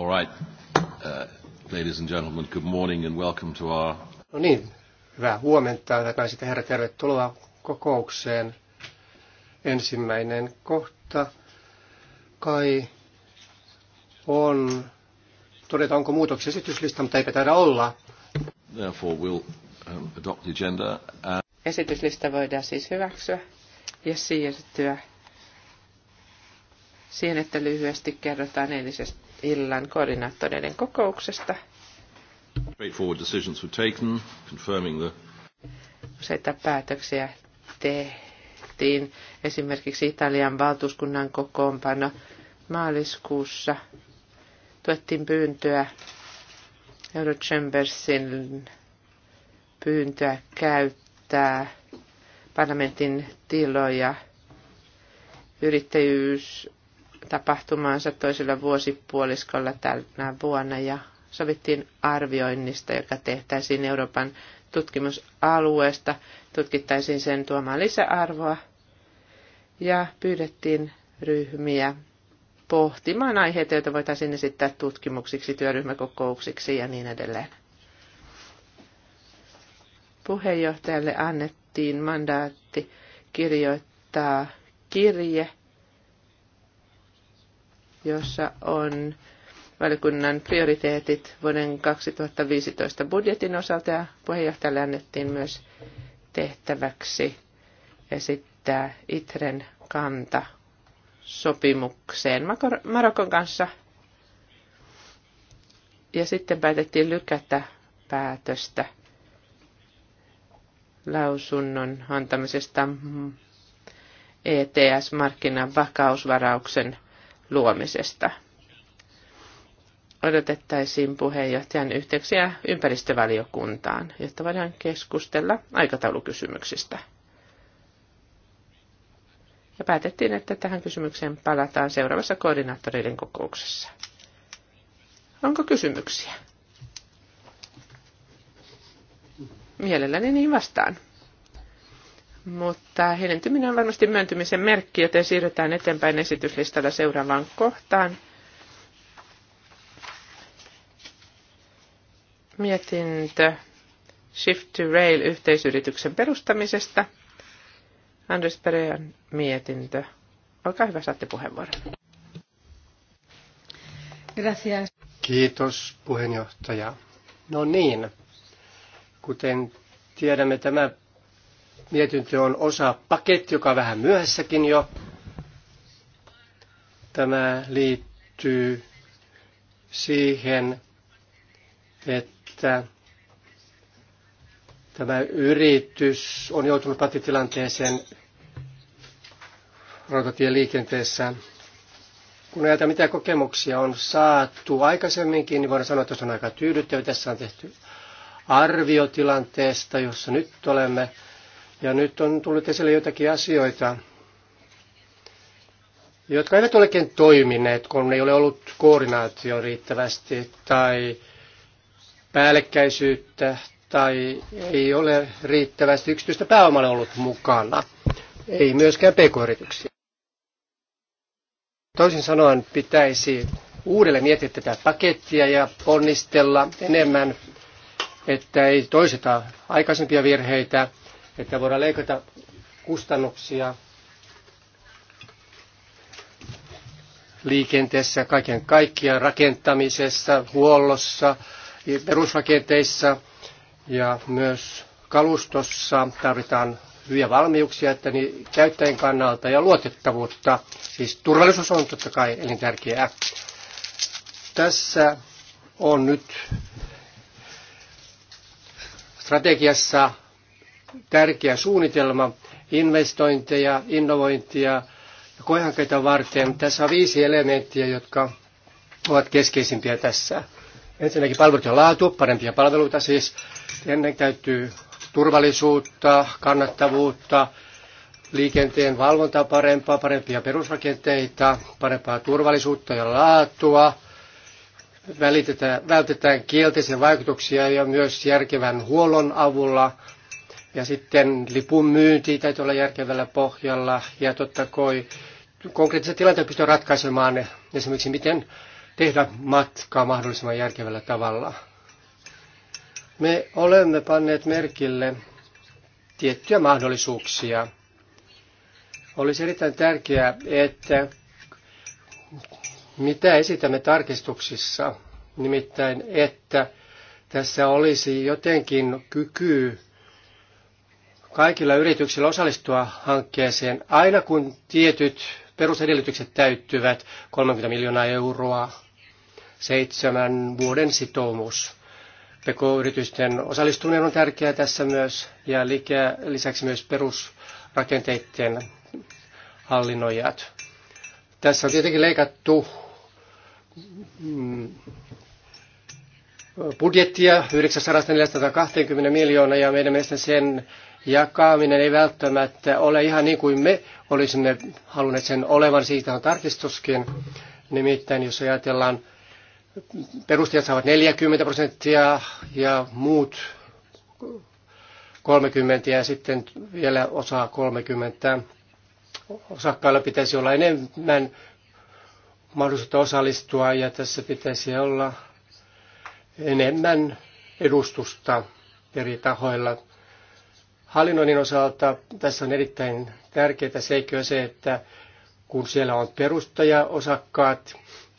All right. Uh, ladies and gentlemen, good morning and welcome to our... No niin, hyvää huomenta, hyvät naiset ja herrat, tervetuloa kokoukseen. Ensimmäinen kohta kai on todeta, onko muutoksia esityslista, mutta eipä taida olla. Therefore we'll um, adopt the agenda and... Uh, esityslista voidaan siis hyväksyä ja siirtyä siihen, että lyhyesti kerrotaan eilisestä illan koordinaattoreiden kokouksesta. Useita päätöksiä tehtiin. Esimerkiksi Italian valtuuskunnan kokoonpano maaliskuussa tuettiin pyyntöä Eurochambersin pyyntöä käyttää parlamentin tiloja yrittäjyys tapahtumaansa toiselle vuosipuoliskolla tänä vuonna ja sovittiin arvioinnista, joka tehtäisiin Euroopan tutkimusalueesta, tutkittaisiin sen tuomaan lisäarvoa ja pyydettiin ryhmiä pohtimaan aiheita, joita voitaisiin esittää tutkimuksiksi, työryhmäkokouksiksi ja niin edelleen. Puheenjohtajalle annettiin mandaatti kirjoittaa kirje – jossa on valiokunnan prioriteetit vuoden 2015 budjetin osalta ja puheenjohtajalle annettiin myös tehtäväksi esittää ITREN kanta sopimukseen Marokon kanssa. Ja sitten päätettiin lykätä päätöstä lausunnon antamisesta ETS-markkinan vakausvarauksen luomisesta. Odotettaisiin puheenjohtajan yhteyksiä ympäristövaliokuntaan, jotta voidaan keskustella aikataulukysymyksistä. Ja päätettiin, että tähän kysymykseen palataan seuraavassa koordinaattoreiden kokouksessa. Onko kysymyksiä? Mielelläni niin vastaan mutta heilentyminen on varmasti myöntymisen merkki, joten siirrytään eteenpäin esityslistalla seuraavaan kohtaan. Mietintö Shift to Rail yhteisyrityksen perustamisesta. Andres Perean mietintö. Olkaa hyvä, saatte puheenvuoron. Gracias. Kiitos puheenjohtaja. No niin, kuten tiedämme, tämä mietintö on osa paketti, joka on vähän myöhässäkin jo. Tämä liittyy siihen, että tämä yritys on joutunut patitilanteeseen rautatieliikenteessä. Kun näitä mitä kokemuksia on saatu aikaisemminkin, niin voidaan sanoa, että se on aika tyydyttävä. Tässä on tehty arviotilanteesta, jossa nyt olemme. Ja nyt on tullut esille jotakin asioita, jotka eivät olekin toimineet, kun ei ole ollut koordinaatio riittävästi tai päällekkäisyyttä tai ei ole riittävästi yksityistä pääomalle ollut mukana. Ei myöskään pk-yrityksiä. Toisin sanoen pitäisi uudelleen miettiä tätä pakettia ja ponnistella enemmän, että ei toiseta aikaisempia virheitä että voidaan leikata kustannuksia liikenteessä, kaiken kaikkiaan rakentamisessa, huollossa, perusrakenteissa ja myös kalustossa tarvitaan hyviä valmiuksia, että niin käyttäjän kannalta ja luotettavuutta. Siis turvallisuus on totta kai elintärkeää. Tässä on nyt strategiassa tärkeä suunnitelma investointeja, innovointia ja koehankkeita varten. Tässä on viisi elementtiä, jotka ovat keskeisimpiä tässä. Ensinnäkin palvelut ja laatu, parempia palveluita siis. Ennen täytyy turvallisuutta, kannattavuutta, liikenteen valvontaa parempaa, parempia perusrakenteita, parempaa turvallisuutta ja laatua. Välitetään, vältetään kielteisiä vaikutuksia ja myös järkevän huollon avulla ja sitten lipun myynti täytyy olla järkevällä pohjalla ja totta kai konkreettisia tilanteita pystyy ratkaisemaan esimerkiksi miten tehdä matkaa mahdollisimman järkevällä tavalla. Me olemme panneet merkille tiettyjä mahdollisuuksia. Olisi erittäin tärkeää, että mitä esitämme tarkistuksissa, nimittäin että tässä olisi jotenkin kyky kaikilla yrityksillä osallistua hankkeeseen aina kun tietyt perusedellytykset täyttyvät 30 miljoonaa euroa, seitsemän vuoden sitoumus. PK-yritysten osallistuminen on tärkeää tässä myös ja lisäksi myös perusrakenteiden hallinnoijat. Tässä on tietenkin leikattu mm, budjettia 920 miljoonaa ja meidän mielestä sen jakaminen ei välttämättä ole ihan niin kuin me olisimme halunneet sen olevan. Siitä on tarkistuskin. Nimittäin jos ajatellaan, perustajat saavat 40 prosenttia ja muut 30 ja sitten vielä osaa 30. Osakkailla pitäisi olla enemmän mahdollisuutta osallistua ja tässä pitäisi olla enemmän edustusta eri tahoilla. Hallinnoinnin osalta tässä on erittäin tärkeää seikö se, että kun siellä on perustajaosakkaat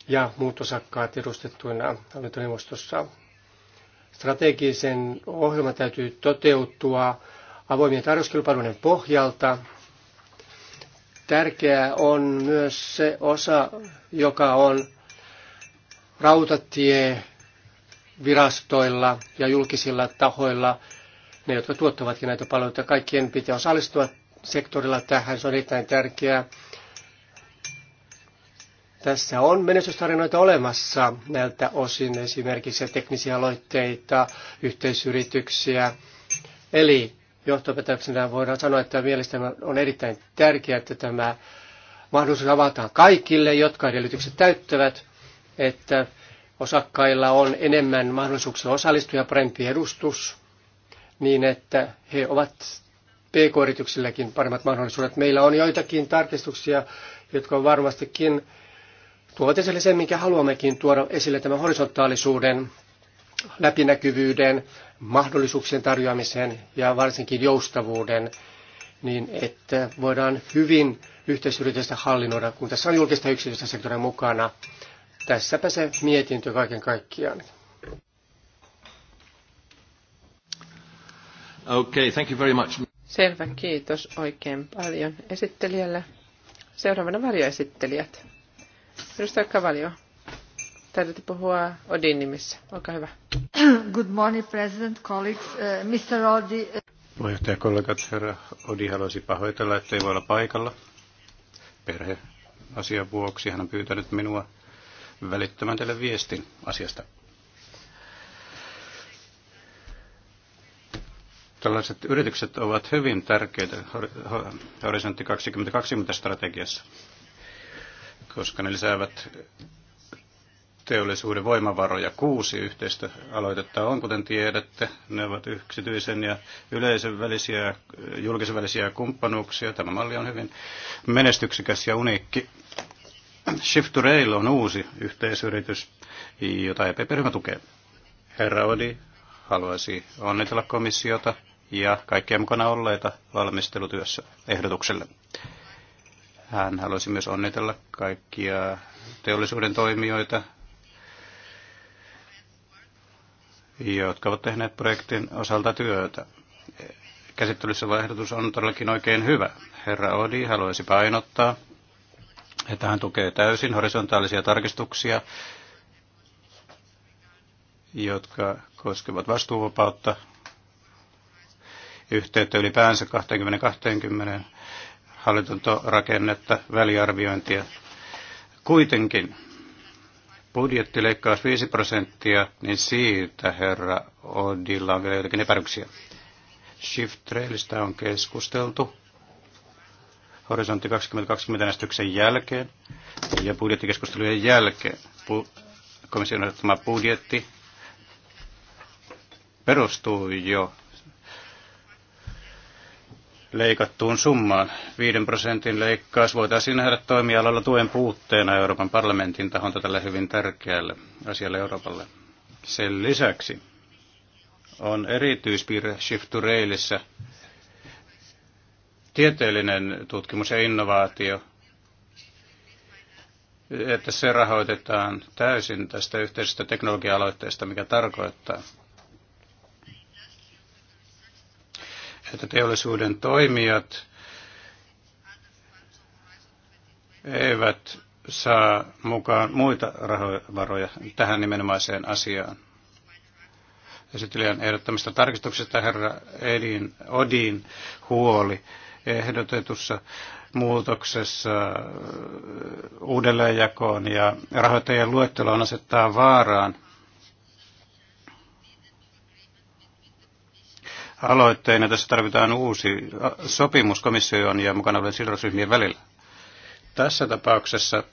ja muut osakkaat edustettuina hallintoneuvostossa, strategisen ohjelman täytyy toteutua avoimien tarjouskilpailujen pohjalta. Tärkeää on myös se osa, joka on rautatievirastoilla ja julkisilla tahoilla – ne, jotka tuottavatkin näitä palveluita. Kaikkien pitää osallistua sektorilla tähän, se on erittäin tärkeää. Tässä on menestystarinoita olemassa näiltä osin, esimerkiksi teknisiä aloitteita, yhteisyrityksiä. Eli johtopäätöksenä voidaan sanoa, että mielestäni on erittäin tärkeää, että tämä mahdollisuus avataan kaikille, jotka edellytykset täyttävät, että osakkailla on enemmän mahdollisuuksia osallistua ja parempi edustus niin, että he ovat PK-yrityksilläkin paremmat mahdollisuudet. Meillä on joitakin tarkistuksia, jotka on varmastikin tuovat esille sen, minkä haluammekin tuoda esille tämän horisontaalisuuden, läpinäkyvyyden, mahdollisuuksien tarjoamisen ja varsinkin joustavuuden, niin että voidaan hyvin yhteisyritystä hallinnoida, kun tässä on julkista yksityistä sektoria mukana. Tässäpä se mietintö kaiken kaikkiaan. Okay, thank you very much. Selvä, kiitos oikein paljon esittelijälle. Seuraavana varjoesittelijät. Edustaja Kavalio, täytyy puhua Odin nimissä. Olkaa hyvä. Good morning, President, colleagues, uh, Mr. Odi. Uh, Puheenjohtaja kollegat, herra Odi haluaisi pahoitella, ei voi olla paikalla. Perhe vuoksi hän on pyytänyt minua välittämään teille viestin asiasta. Tällaiset yritykset ovat hyvin tärkeitä Horisontti 2020-strategiassa, koska ne lisäävät teollisuuden voimavaroja. Kuusi yhteistä aloitetta on, kuten tiedätte. Ne ovat yksityisen ja yleisön välisiä, julkisen välisiä kumppanuuksia. Tämä malli on hyvin menestyksikäs ja uniikki. Shift to Rail on uusi yhteisyritys, jota EPP-ryhmä tukee. Herra Odi haluaisi onnitella komissiota ja kaikkia mukana olleita valmistelutyössä ehdotukselle. Hän halusi myös onnitella kaikkia teollisuuden toimijoita, jotka ovat tehneet projektin osalta työtä. Käsittelyssä ehdotus on todellakin oikein hyvä. Herra Odi haluaisi painottaa, että hän tukee täysin horisontaalisia tarkistuksia, jotka koskevat vastuuvapautta, yhteyttä ylipäänsä 20-20 hallintorakennetta, väliarviointia. Kuitenkin budjettileikkaus 5 prosenttia, niin siitä herra Odilla on vielä jotakin epäryksiä. Shift Trailista on keskusteltu horisontti 2020 äänestyksen jälkeen ja budjettikeskustelujen jälkeen. Bu- komission ottama budjetti perustuu jo leikattuun summaan. 5 prosentin leikkaus voitaisiin nähdä toimialalla tuen puutteena Euroopan parlamentin taholta tälle hyvin tärkeälle asialle Euroopalle. Sen lisäksi on erityispiirre Shift to Railissä tieteellinen tutkimus ja innovaatio, että se rahoitetaan täysin tästä yhteisestä teknologia-aloitteesta, mikä tarkoittaa, että teollisuuden toimijat eivät saa mukaan muita rahovaroja tähän nimenomaiseen asiaan. Esittelijän ehdottamista tarkistuksesta herra Edin, Odin huoli ehdotetussa muutoksessa uudelleenjakoon ja rahoittajien luetteloon asettaa vaaraan aloitteena. Tässä tarvitaan uusi sopimus komission ja mukana olevien sidosryhmien välillä. Tässä tapauksessa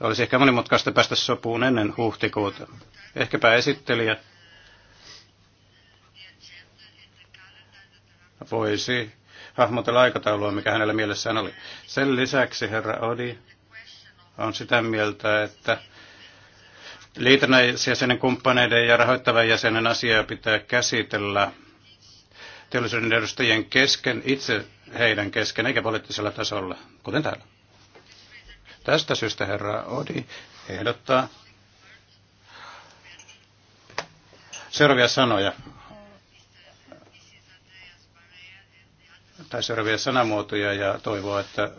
olisi ehkä monimutkaista päästä sopuun ennen huhtikuuta. Ehkäpä esittelijä voisi hahmotella aikataulua, mikä hänellä mielessään oli. Sen lisäksi herra Odi on sitä mieltä, että liitännäisjäsenen kumppaneiden ja rahoittavan jäsenen asiaa pitää käsitellä teollisuuden edustajien kesken, itse heidän kesken, eikä poliittisella tasolla, kuten täällä. Tästä syystä herra Odi ehdottaa seuraavia sanoja. Tai seuraavia sanamuotoja ja toivoo, että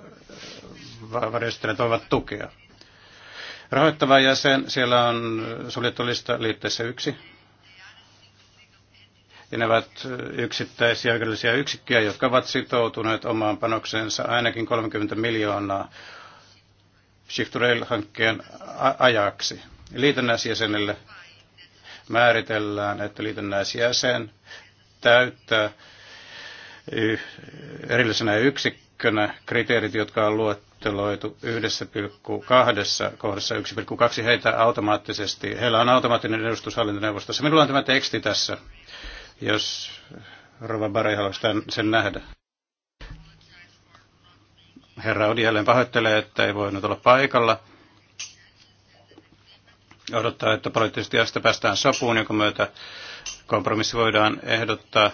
varjostelijat voivat tukea. Rahoittava jäsen, siellä on suljettu lista liitteessä yksi. Ja ne ovat yksittäisiä oikeudellisia yksikköjä, jotka ovat sitoutuneet omaan panoksensa ainakin 30 miljoonaa Shift Rail-hankkeen ajaksi. Liitännäisjäsenelle määritellään, että liitännäisjäsen täyttää erillisenä yksikköä ykkönä kriteerit, jotka on luetteloitu 1,2 kohdassa 1,2 heitä automaattisesti. Heillä on automaattinen edustus hallintoneuvostossa. Minulla on tämä teksti tässä, jos Rova Bari haluaisi sen nähdä. Herra Odi jälleen pahoittelee, että ei voinut olla paikalla. Odottaa, että poliittisesti tästä päästään sopuun, jonka myötä kompromissi voidaan ehdottaa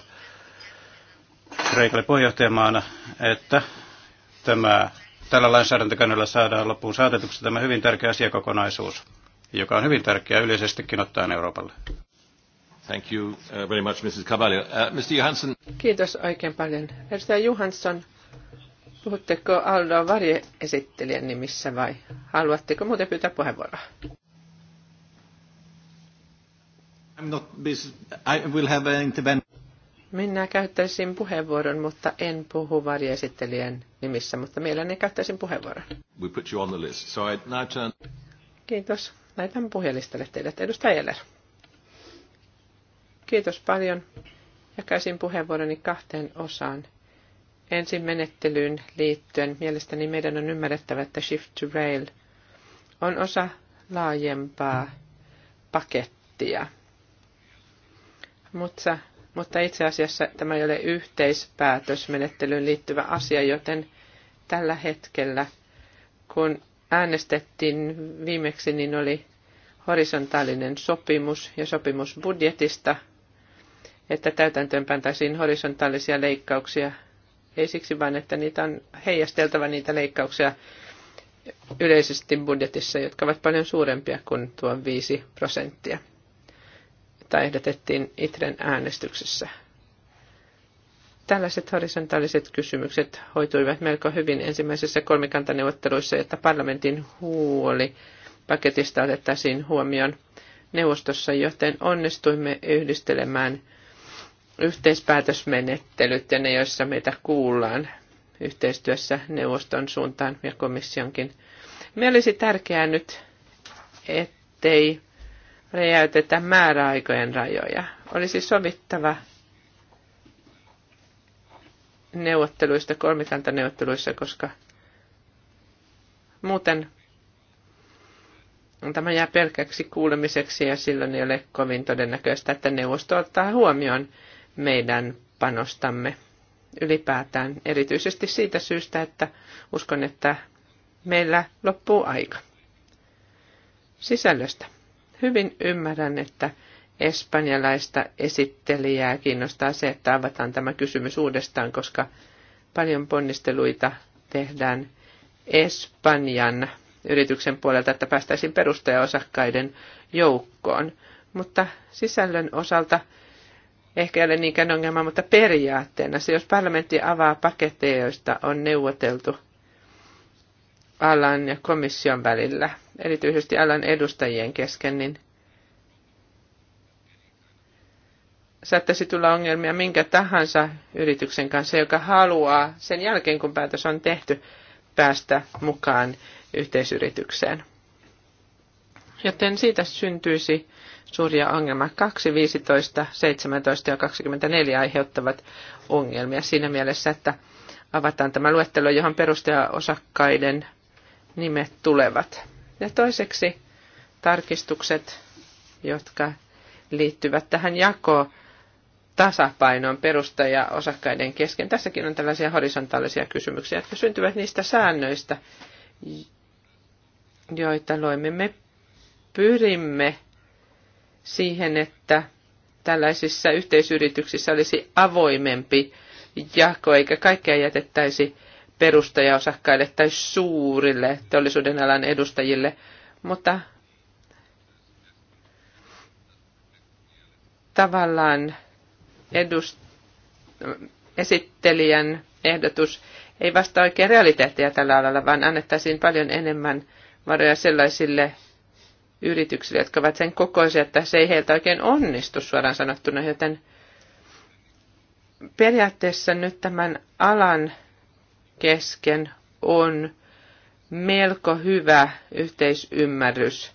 Kreikalle puheenjohtajamaana, että tämä, tällä lainsäädäntökannella saadaan loppuun saatetuksi tämä hyvin tärkeä asiakokonaisuus, joka on hyvin tärkeä yleisestikin ottaen Euroopalle. Thank you uh, very much, Mrs. Cavalli. Uh, Mr. Johansson. Kiitos oikein paljon. Edustaja Johansson, puhutteko Aldo esittelijän nimissä vai haluatteko muuten pyytää puheenvuoroa? I'm not I will have an intervention. Minä käyttäisin puheenvuoron, mutta en puhu varjesittelijän nimissä, mutta mielelläni käyttäisin puheenvuoron. We put you on the list. So I now turn... Kiitos. Laitan puhelistalle teille, edustaja Eller. Kiitos paljon. Jakaisin puheenvuoroni kahteen osaan. Ensin menettelyyn liittyen mielestäni meidän on ymmärrettävä, että Shift to Rail on osa laajempaa pakettia. Mutta mutta itse asiassa tämä ei ole yhteispäätösmenettelyyn liittyvä asia, joten tällä hetkellä, kun äänestettiin viimeksi, niin oli horisontaalinen sopimus ja sopimus budjetista, että täytäntöön pantaisiin horisontaalisia leikkauksia, ei siksi vain, että niitä on heijasteltava niitä leikkauksia yleisesti budjetissa, jotka ovat paljon suurempia kuin tuo 5 prosenttia jota ehdotettiin ITREN äänestyksessä. Tällaiset horisontaaliset kysymykset hoituivat melko hyvin ensimmäisessä kolmikantaneuvotteluissa, että parlamentin huoli paketista otettaisiin huomioon neuvostossa, joten onnistuimme yhdistelemään yhteispäätösmenettelyt ja ne, joissa meitä kuullaan yhteistyössä neuvoston suuntaan ja komissionkin. Me olisi tärkeää nyt, ettei räjäytetä määräaikojen rajoja. Olisi sovittava neuvotteluista, kolmikantaneuvotteluissa, koska muuten tämä jää pelkäksi kuulemiseksi ja silloin ei ole kovin todennäköistä, että neuvosto ottaa huomioon meidän panostamme ylipäätään. Erityisesti siitä syystä, että uskon, että meillä loppuu aika. Sisällöstä. Hyvin ymmärrän, että espanjalaista esittelijää kiinnostaa se, että avataan tämä kysymys uudestaan, koska paljon ponnisteluita tehdään Espanjan yrityksen puolelta, että päästäisiin perustajaosakkaiden joukkoon. Mutta sisällön osalta ehkä ei ole niinkään ongelma, mutta periaatteena se, jos parlamentti avaa paketteja, joista on neuvoteltu – alan ja komission välillä, erityisesti alan edustajien kesken, niin saattaisi tulla ongelmia minkä tahansa yrityksen kanssa, joka haluaa sen jälkeen, kun päätös on tehty, päästä mukaan yhteisyritykseen. Joten siitä syntyisi suuria ongelmia. 2, 15, 17 ja 24 aiheuttavat ongelmia siinä mielessä, että avataan tämä luettelo, johon osakkaiden nimet tulevat. Ja toiseksi tarkistukset, jotka liittyvät tähän jakoon tasapainoon perustaja osakkaiden kesken. Tässäkin on tällaisia horisontaalisia kysymyksiä, jotka syntyvät niistä säännöistä, joita loimme. Me pyrimme siihen, että tällaisissa yhteisyrityksissä olisi avoimempi jako, eikä kaikkea jätettäisi perustajaosakkaille tai suurille teollisuuden alan edustajille, mutta tavallaan edust- esittelijän ehdotus ei vastaa oikein realiteetteja tällä alalla, vaan annettaisiin paljon enemmän varoja sellaisille yrityksille, jotka ovat sen kokoisia, että se ei heiltä oikein onnistu suoraan sanottuna, joten periaatteessa nyt tämän alan kesken on melko hyvä yhteisymmärrys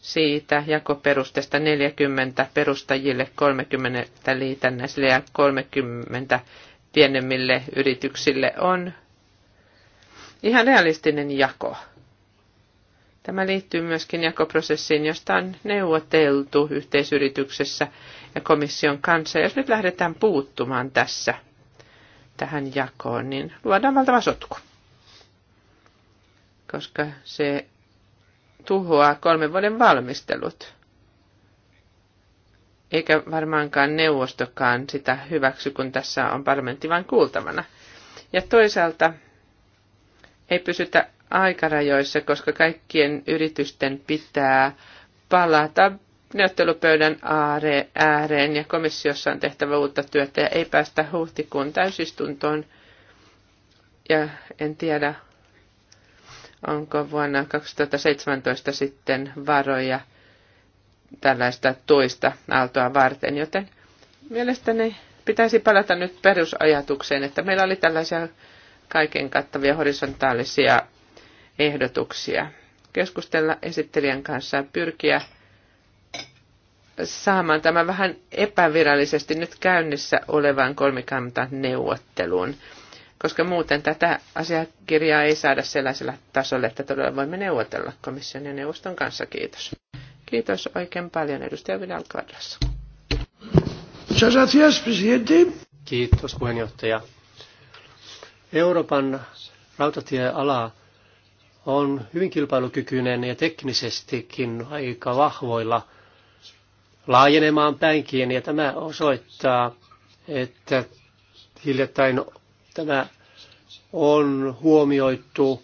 siitä jakoperustesta 40 perustajille, 30 liitännäisille ja 30 pienemmille yrityksille on ihan realistinen jako. Tämä liittyy myöskin jakoprosessiin, josta on neuvoteltu yhteisyrityksessä ja komission kanssa. Jos nyt lähdetään puuttumaan tässä – tähän jakoon, niin luodaan valtava sotku. Koska se tuhoaa kolmen vuoden valmistelut. Eikä varmaankaan neuvostokaan sitä hyväksy, kun tässä on parlamentti vain kuultavana. Ja toisaalta ei pysytä aikarajoissa, koska kaikkien yritysten pitää palata neuvottelupöydän ääreen ja komissiossa on tehtävä uutta työtä ja ei päästä huhtikuun täysistuntoon. Ja en tiedä, onko vuonna 2017 sitten varoja tällaista toista aaltoa varten, joten mielestäni pitäisi palata nyt perusajatukseen, että meillä oli tällaisia kaiken kattavia horisontaalisia ehdotuksia. Keskustella esittelijän kanssa ja pyrkiä saamaan tämän vähän epävirallisesti nyt käynnissä olevaan kolmikantaneuvotteluun, koska muuten tätä asiakirjaa ei saada sellaisella tasolla, että todella voimme neuvotella komission ja neuvoston kanssa. Kiitos. Kiitos oikein paljon, edustaja Vidal Kvadras. Kiitos puheenjohtaja. Euroopan rautatieala on hyvin kilpailukykyinen ja teknisestikin aika vahvoilla – laajenemaan päinkin, ja tämä osoittaa, että hiljattain tämä on huomioitu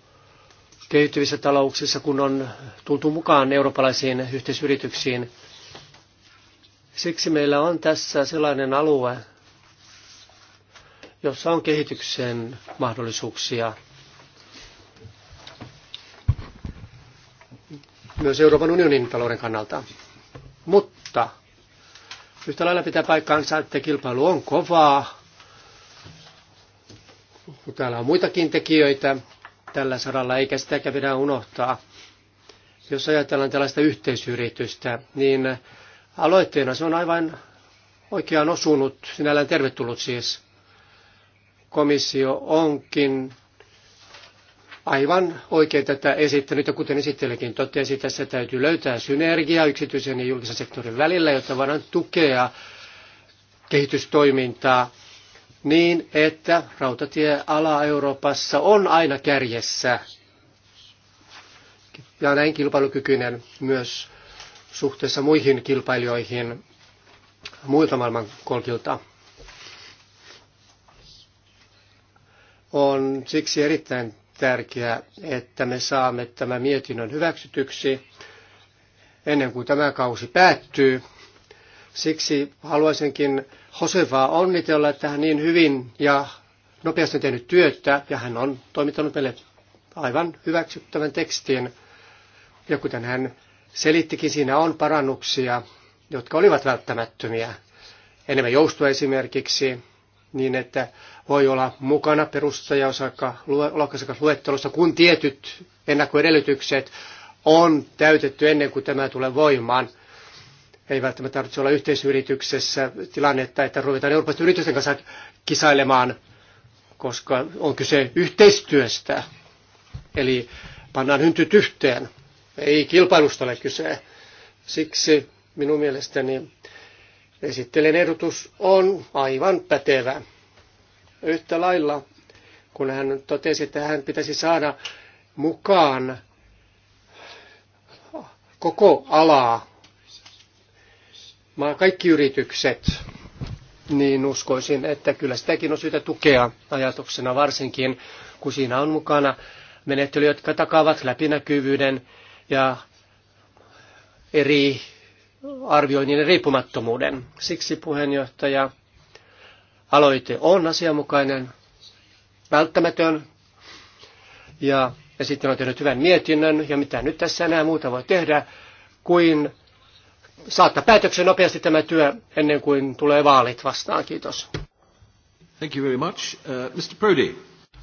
kehittyvissä talouksissa, kun on tultu mukaan eurooppalaisiin yhteisyrityksiin. Siksi meillä on tässä sellainen alue, jossa on kehityksen mahdollisuuksia. myös Euroopan unionin talouden kannalta. Mutta kilpailusta. Yhtä lailla pitää paikkaansa, että kilpailu on kovaa. Täällä on muitakin tekijöitä tällä saralla, eikä sitäkään pidä unohtaa. Jos ajatellaan tällaista yhteisyritystä, niin aloitteena se on aivan oikeaan osunut, sinällään tervetullut siis. Komissio onkin aivan oikein tätä esittänyt, ja kuten esittelijäkin totesi, tässä täytyy löytää synergiaa yksityisen ja julkisen sektorin välillä, jotta voidaan tukea kehitystoimintaa niin, että rautatieala Euroopassa on aina kärjessä ja näin kilpailukykyinen myös suhteessa muihin kilpailijoihin muilta maailmankolkilta. On siksi erittäin tärkeää, että me saamme tämän mietinnön hyväksytyksi ennen kuin tämä kausi päättyy. Siksi haluaisinkin Josevaa onnitella, että hän niin hyvin ja nopeasti tehnyt työtä ja hän on toimittanut meille aivan hyväksyttävän tekstin. Ja kuten hän selittikin, siinä on parannuksia, jotka olivat välttämättömiä. Enemmän joustoa esimerkiksi, niin että voi olla mukana perussa ja luettelossa, kun tietyt ennakkoedellytykset on täytetty ennen kuin tämä tulee voimaan. Ei välttämättä tarvitse olla yhteisyrityksessä tilannetta, että ruvetaan Euroopan yritysten kanssa kisailemaan, koska on kyse yhteistyöstä. Eli pannaan hyntyt yhteen. Ei kilpailusta ole kyse. Siksi minun mielestäni Esittelen ehdotus on aivan pätevä. Yhtä lailla, kun hän totesi, että hän pitäisi saada mukaan koko alaa, kaikki yritykset, niin uskoisin, että kyllä sitäkin on syytä tukea ajatuksena varsinkin, kun siinä on mukana menettelyjä, jotka takaavat läpinäkyvyyden ja eri arvioi niiden riippumattomuuden. Siksi puheenjohtaja aloite on asianmukainen, välttämätön ja sitten on tehnyt hyvän mietinnön ja mitä nyt tässä enää muuta voi tehdä kuin saattaa päätöksen nopeasti tämä työ ennen kuin tulee vaalit vastaan. Kiitos. Thank you very much. Uh, Mr. Prodi.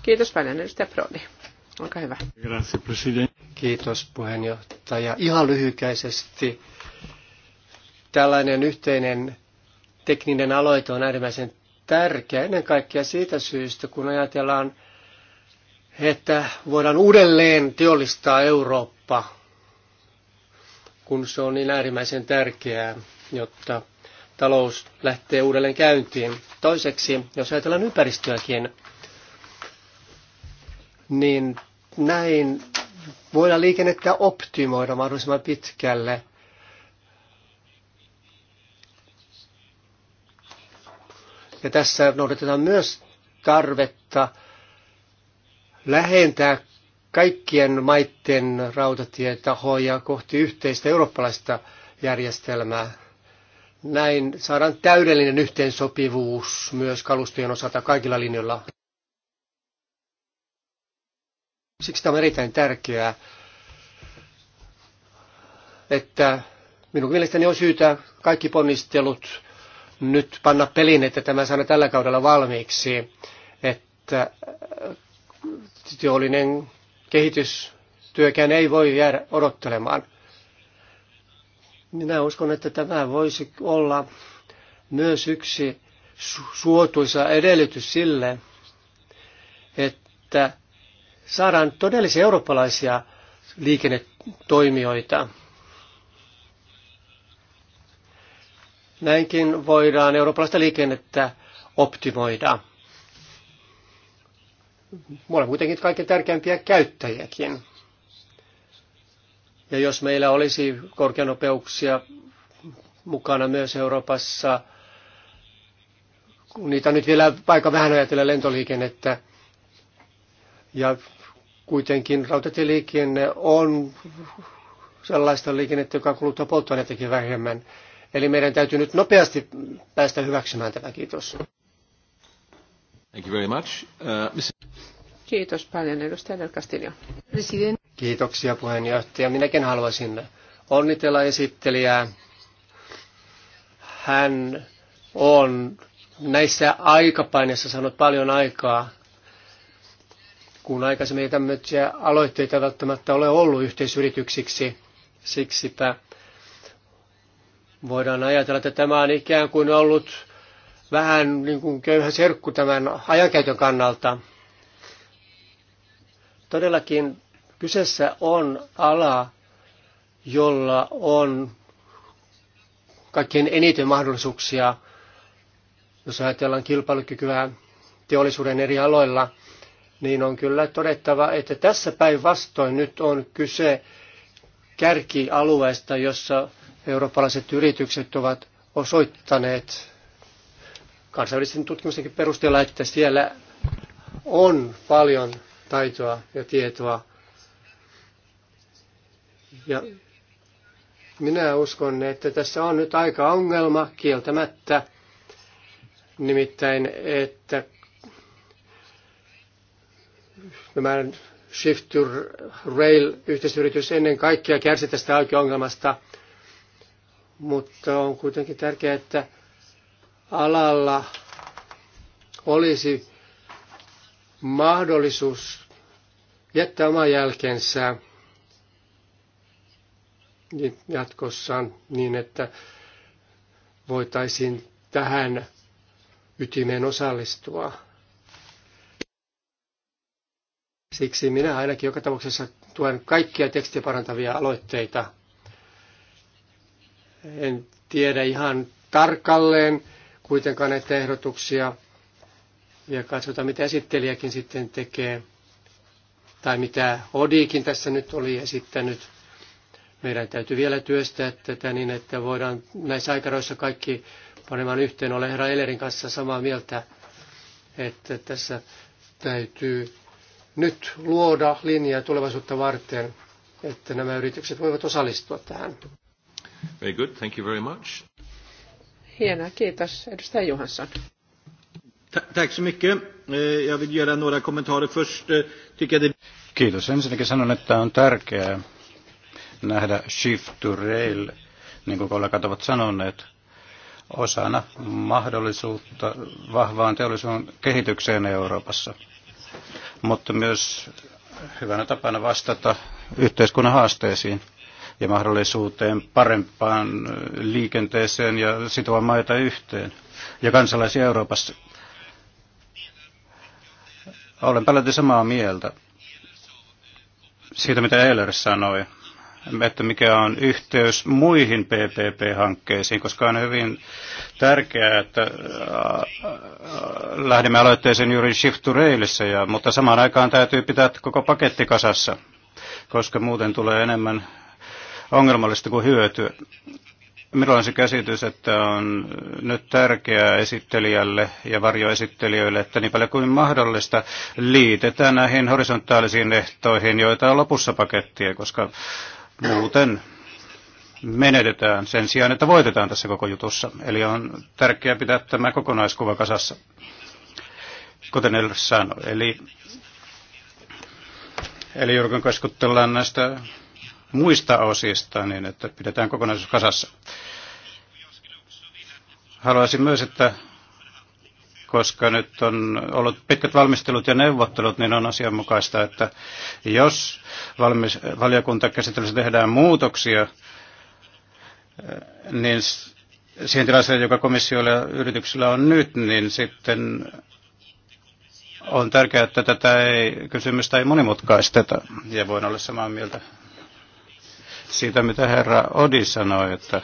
Kiitos paljon, edustaja Prodi. Olkaa hyvä. Grazie, Kiitos puheenjohtaja. Ihan lyhykäisesti tällainen yhteinen tekninen aloite on äärimmäisen tärkeä ennen kaikkea siitä syystä, kun ajatellaan, että voidaan uudelleen teollistaa Eurooppa, kun se on niin äärimmäisen tärkeää, jotta talous lähtee uudelleen käyntiin. Toiseksi, jos ajatellaan ympäristöäkin, niin näin voidaan liikennettä optimoida mahdollisimman pitkälle – Ja tässä noudatetaan myös tarvetta lähentää kaikkien maiden rautatietahoja kohti yhteistä eurooppalaista järjestelmää. Näin saadaan täydellinen yhteensopivuus myös kalustojen osalta kaikilla linjoilla. Siksi tämä on erittäin tärkeää, että minun mielestäni on syytä kaikki ponnistelut nyt panna pelin, että tämä saadaan tällä kaudella valmiiksi, että äh, teollinen kehitystyökään ei voi jäädä odottelemaan. Minä uskon, että tämä voisi olla myös yksi suotuisa edellytys sille, että saadaan todellisia eurooppalaisia liikennetoimijoita – Näinkin voidaan eurooppalaista liikennettä optimoida. Me olemme kuitenkin kaikkein tärkeimpiä käyttäjiäkin. Ja jos meillä olisi korkeanopeuksia mukana myös Euroopassa, kun niitä nyt vielä aika vähän ajatella lentoliikennettä, ja kuitenkin rautatieliikenne on sellaista liikennettä, joka kuluttaa polttoaineetkin vähemmän, Eli meidän täytyy nyt nopeasti päästä hyväksymään tämä. Kiitos. Thank you very much. Uh, Kiitos paljon, edustaja Del Castillo. President. Kiitoksia puheenjohtaja. Minäkin haluaisin onnitella esittelijää. Hän on näissä aikapaineissa saanut paljon aikaa, kun aikaisemmin tämmöisiä aloitteita välttämättä ole ollut yhteisyrityksiksi. Siksipä Voidaan ajatella, että tämä on ikään kuin ollut vähän niin kuin köyhä serkku tämän ajankäytön kannalta. Todellakin kyseessä on ala, jolla on kaikkein eniten mahdollisuuksia, jos ajatellaan kilpailukykyä teollisuuden eri aloilla, niin on kyllä todettava, että tässä päinvastoin nyt on kyse kärkialueesta, jossa eurooppalaiset yritykset ovat osoittaneet kansainvälisten tutkimustenkin perusteella, että siellä on paljon taitoa ja tietoa. Ja minä uskon, että tässä on nyt aika ongelma kieltämättä, nimittäin, että nämä Shift to Rail yhteisyritys ennen kaikkea kärsi tästä ongelmasta – mutta on kuitenkin tärkeää, että alalla olisi mahdollisuus jättää oma jälkensä jatkossaan niin, että voitaisiin tähän ytimeen osallistua. Siksi minä ainakin joka tapauksessa tuen kaikkia tekstiä parantavia aloitteita. En tiedä ihan tarkalleen kuitenkaan näitä ehdotuksia. Ja katsotaan, mitä esittelijäkin sitten tekee. Tai mitä Odiikin tässä nyt oli esittänyt. Meidän täytyy vielä työstää tätä niin, että voidaan näissä aikaroissa kaikki panemaan yhteen. Olen herra Elerin kanssa samaa mieltä, että tässä täytyy nyt luoda linjaa tulevaisuutta varten, että nämä yritykset voivat osallistua tähän. Very good. Thank you very much. Hienoa, kiitos. Edustaja Johansson. Tack så mycket. Eh, jag vill göra några kommentarer först. Eh, kiitos. Ensinnäkin sanon, että on tärkeää nähdä Shift to Rail, niin kuin kollegat ovat sanoneet, osana mahdollisuutta vahvaan teollisuuden kehitykseen Euroopassa, mutta myös hyvänä tapana vastata yhteiskunnan haasteisiin ja mahdollisuuteen parempaan liikenteeseen ja sitoa maita yhteen ja kansalaisia Euroopassa. Olen paljon samaa mieltä siitä, mitä Eiler sanoi, että mikä on yhteys muihin PPP-hankkeisiin, koska on hyvin tärkeää, että äh, äh, lähdemme aloitteeseen juuri Shift to Railissa, ja, mutta samaan aikaan täytyy pitää koko paketti kasassa, koska muuten tulee enemmän ongelmallista kuin hyötyä. Minulla on se käsitys, että on nyt tärkeää esittelijälle ja varjoesittelijöille, että niin paljon kuin mahdollista liitetään näihin horisontaalisiin ehtoihin, joita on lopussa pakettia, koska muuten menetetään sen sijaan, että voitetaan tässä koko jutussa. Eli on tärkeää pitää tämä kokonaiskuva kasassa, kuten Elri sanoi. Eli, eli juuri keskustellaan näistä muista osista niin, että pidetään kokonaisuus kasassa. Haluaisin myös, että koska nyt on ollut pitkät valmistelut ja neuvottelut, niin on asianmukaista, että jos valmis, valiokuntakäsittelyssä tehdään muutoksia, niin siihen tilanteeseen, joka komissiolla ja yrityksillä on nyt, niin sitten on tärkeää, että tätä ei, kysymystä ei monimutkaisteta. Ja voin olla samaa mieltä siitä, mitä herra Odi sanoi, että,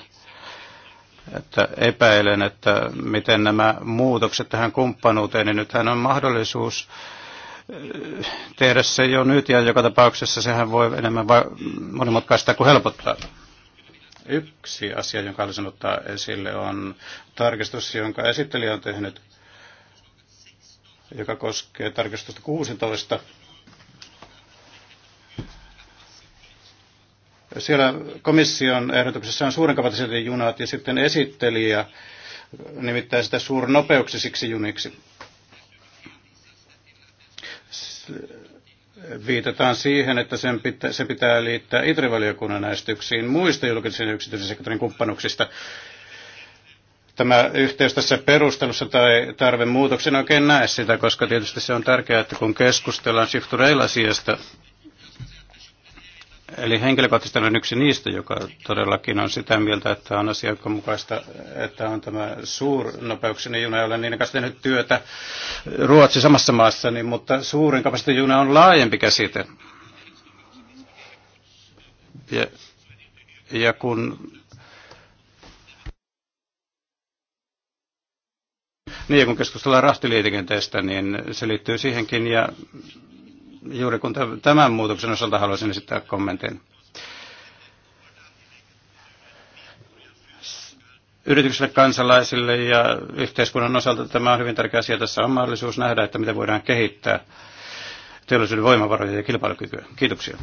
että epäilen, että miten nämä muutokset tähän kumppanuuteen, niin nythän on mahdollisuus eh, tehdä se jo nyt, ja joka tapauksessa sehän voi enemmän va- monimutkaista kuin helpottaa. Yksi asia, jonka haluaisin ottaa esille, on tarkistus, jonka esittelijä on tehnyt, joka koskee tarkistusta 16 Siellä komission ehdotuksessa on suuren kapasiteetin junat ja sitten esittelijä nimittäin sitä suurnopeuksisiksi juniksi. Viitataan siihen, että sen pitä, se pitää liittää ITRI-valiokunnan äästyksiin muista julkisen ja yksityisen sektorin kumppanuksista. Tämä yhteys tässä perustelussa tai tarve muutoksen oikein näe sitä, koska tietysti se on tärkeää, että kun keskustellaan Shift asiasta Eli henkilökohtaisesti olen yksi niistä, joka todellakin on sitä mieltä, että on asiakkaanmukaista, että on tämä suurnopeuksinen juna, olen niin kanssa tehnyt työtä Ruotsi samassa maassa, niin, mutta suurin juna on laajempi käsite. Ja, ja kun Niin, kun keskustellaan rahtiliikenteestä, niin se liittyy siihenkin ja juuri kun tämän muutoksen osalta haluaisin esittää kommentin. yrityksille, kansalaisille ja yhteiskunnan osalta tämä on hyvin tärkeä asia. Tässä on mahdollisuus nähdä, että miten voidaan kehittää teollisuuden voimavaroja ja kilpailukykyä. Kiitoksia.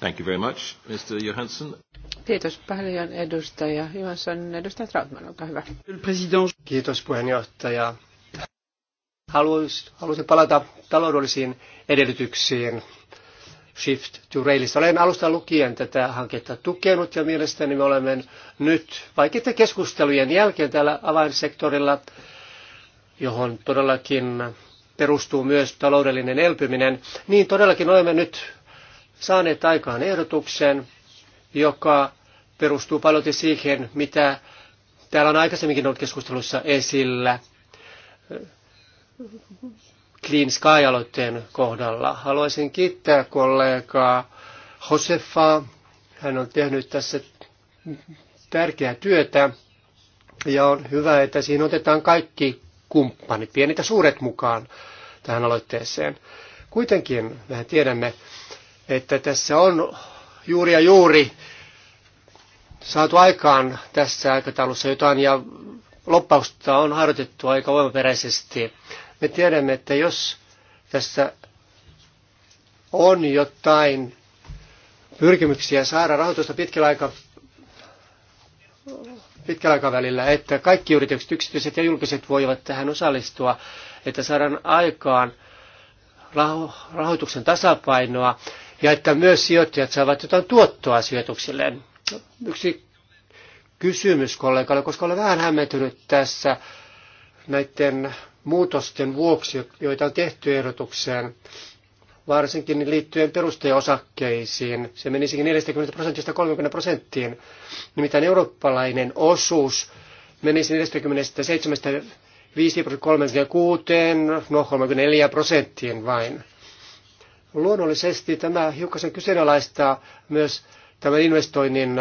Thank you very much, Mr. Johansson. Kiitos paljon edustaja Johansson. Edustaja Trautman, olkaa hyvä. Kiitos puheenjohtaja. Haluais, halusin palata taloudellisiin edellytyksiin Shift to Railista. Olen alusta lukien tätä hanketta tukenut ja mielestäni me olemme nyt vaikeiden keskustelujen jälkeen täällä avainsektorilla, johon todellakin perustuu myös taloudellinen elpyminen, niin todellakin olemme nyt saaneet aikaan ehdotuksen, joka perustuu paljon siihen, mitä täällä on aikaisemminkin ollut keskustelussa esillä. Clean Sky-aloitteen kohdalla. Haluaisin kiittää kollegaa Josefa. Hän on tehnyt tässä tärkeää työtä ja on hyvä, että siinä otetaan kaikki kumppanit, pienet ja suuret mukaan tähän aloitteeseen. Kuitenkin mehän tiedämme, että tässä on juuri ja juuri saatu aikaan tässä aikataulussa jotain ja loppausta on harjoitettu aika voimaperäisesti. Me tiedämme, että jos tässä on jotain pyrkimyksiä saada rahoitusta pitkällä, aika, pitkällä aikavälillä, että kaikki yritykset, yksityiset ja julkiset voivat tähän osallistua, että saadaan aikaan rahoituksen tasapainoa ja että myös sijoittajat saavat jotain tuottoa sijoituksilleen. Yksi kysymys kollegalle, koska olen vähän hämmentynyt tässä näiden muutosten vuoksi, joita on tehty ehdotukseen, varsinkin liittyen perusteosakkeisiin. Se menisikin 40 prosentista 30 prosenttiin. Nimittäin eurooppalainen osuus menisi 47 5 36, no 34 prosenttiin vain. Luonnollisesti tämä hiukkasen kyseenalaistaa myös tämän investoinnin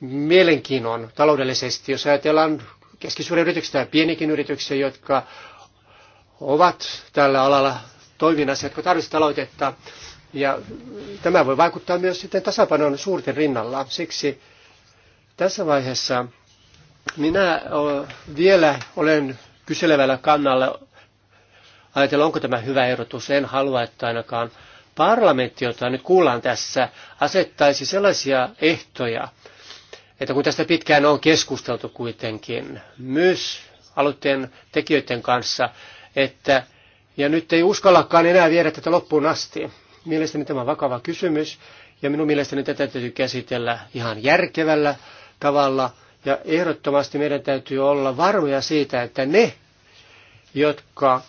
mielenkiinnon taloudellisesti, jos ajatellaan keskisuuria yrityksiä tai pienikin yrityksiä, jotka ovat tällä alalla toiminnassa, jotka tarvitsevat aloitetta. Ja tämä voi vaikuttaa myös sitten tasapainon suurten rinnalla. Siksi tässä vaiheessa minä vielä olen kyselevällä kannalla ajatella, onko tämä hyvä ehdotus. En halua, että ainakaan parlamentti, jota nyt kuullaan tässä, asettaisi sellaisia ehtoja, että kun tästä pitkään on keskusteltu kuitenkin myös aloitteen tekijöiden kanssa, että ja nyt ei uskallakaan enää viedä tätä loppuun asti. Mielestäni tämä on vakava kysymys ja minun mielestäni tätä täytyy käsitellä ihan järkevällä tavalla ja ehdottomasti meidän täytyy olla varmoja siitä, että ne, jotka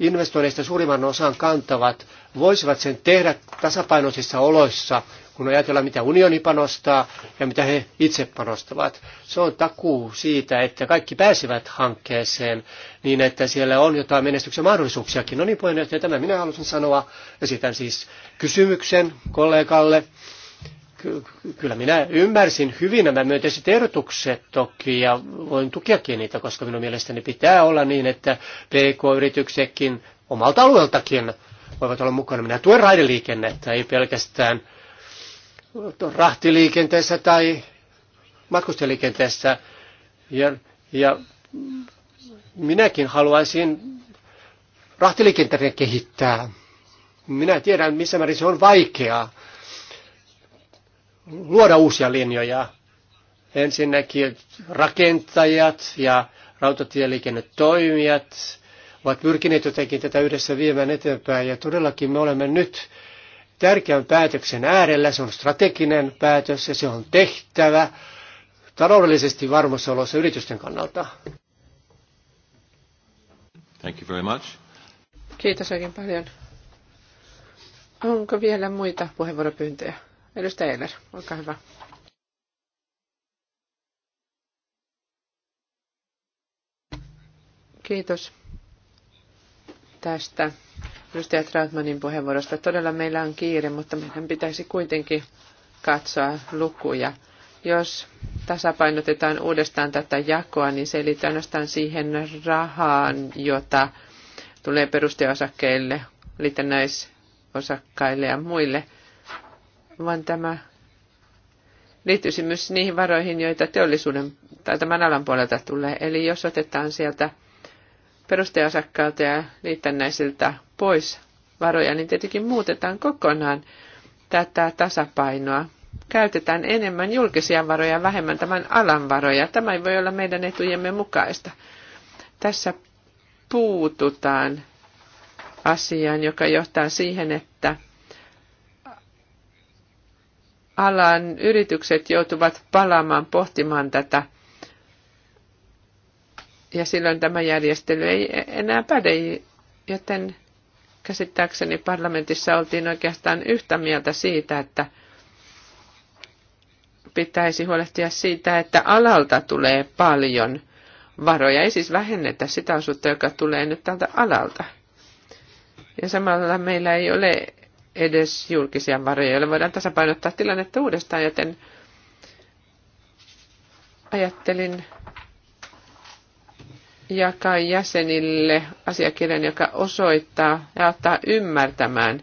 investoinneista suurimman osan kantavat, voisivat sen tehdä tasapainoisissa oloissa kun ajatellaan mitä unioni panostaa ja mitä he itse panostavat. Se on takuu siitä, että kaikki pääsevät hankkeeseen niin, että siellä on jotain menestyksen mahdollisuuksiakin. No niin puheenjohtaja, tämä minä halusin sanoa. Esitän siis kysymyksen kollegalle. Kyllä minä ymmärsin hyvin nämä myönteiset ehdotukset toki ja voin tukiakin niitä, koska minun mielestäni pitää olla niin, että PK-yrityksetkin omalta alueeltakin voivat olla mukana. Minä tuen raideliikennettä, ei pelkästään rahtiliikenteessä tai matkustajaliikenteessä. Ja, ja minäkin haluaisin rahtiliikenteen kehittää. Minä tiedän, missä määrin se on vaikeaa luoda uusia linjoja. Ensinnäkin rakentajat ja rautatieliikennetoimijat ovat pyrkineet jotenkin tätä yhdessä viemään eteenpäin. Ja todellakin me olemme nyt tärkeän päätöksen äärellä. Se on strateginen päätös ja se on tehtävä taloudellisesti varmassa olossa yritysten kannalta. Thank you very much. Kiitos oikein paljon. Onko vielä muita puheenvuoropyyntöjä? Edustaja Eiler, olkaa hyvä. Kiitos tästä edustaja Trautmanin puheenvuorosta. Todella meillä on kiire, mutta meidän pitäisi kuitenkin katsoa lukuja. Jos tasapainotetaan uudestaan tätä jakoa, niin se liittyy ainoastaan siihen rahaan, jota tulee perusteosakkeille, liitännäisosakkaille ja muille, vaan tämä liittyisi myös niihin varoihin, joita teollisuuden tai tämän alan puolelta tulee. Eli jos otetaan sieltä perusteosakkailta ja liitännäisiltä pois varoja, niin tietenkin muutetaan kokonaan tätä tasapainoa. Käytetään enemmän julkisia varoja, vähemmän tämän alan varoja. Tämä ei voi olla meidän etujemme mukaista. Tässä puututaan asiaan, joka johtaa siihen, että alan yritykset joutuvat palaamaan pohtimaan tätä ja silloin tämä järjestely ei enää päde, joten käsittääkseni parlamentissa oltiin oikeastaan yhtä mieltä siitä, että pitäisi huolehtia siitä, että alalta tulee paljon varoja. Ei siis vähennetä sitä osuutta, joka tulee nyt tältä alalta. Ja samalla meillä ei ole edes julkisia varoja, joilla voidaan tasapainottaa tilannetta uudestaan, joten ajattelin jakaa jäsenille asiakirjan, joka osoittaa ja auttaa ymmärtämään,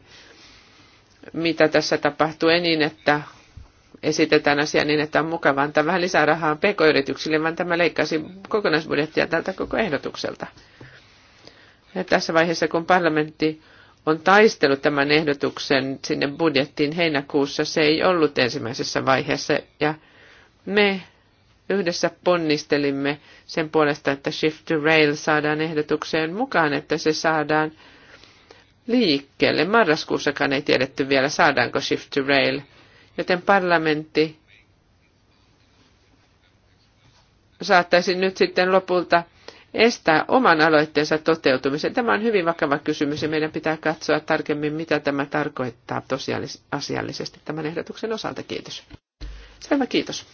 mitä tässä tapahtuu, ei niin, että esitetään asia niin, että on mukavaa, antaa vähän lisää rahaa pk-yrityksille, vaan tämä leikkaisi kokonaisbudjettia tältä koko ehdotukselta. Ja tässä vaiheessa, kun parlamentti on taistellut tämän ehdotuksen sinne budjettiin heinäkuussa, se ei ollut ensimmäisessä vaiheessa, ja me Yhdessä ponnistelimme sen puolesta, että Shift to Rail saadaan ehdotukseen mukaan, että se saadaan liikkeelle. Marraskuussakaan ei tiedetty vielä, saadaanko Shift to Rail. Joten parlamentti saattaisi nyt sitten lopulta estää oman aloitteensa toteutumisen. Tämä on hyvin vakava kysymys ja meidän pitää katsoa tarkemmin, mitä tämä tarkoittaa tosiasiallisesti tämän ehdotuksen osalta. Kiitos. Selvä, kiitos.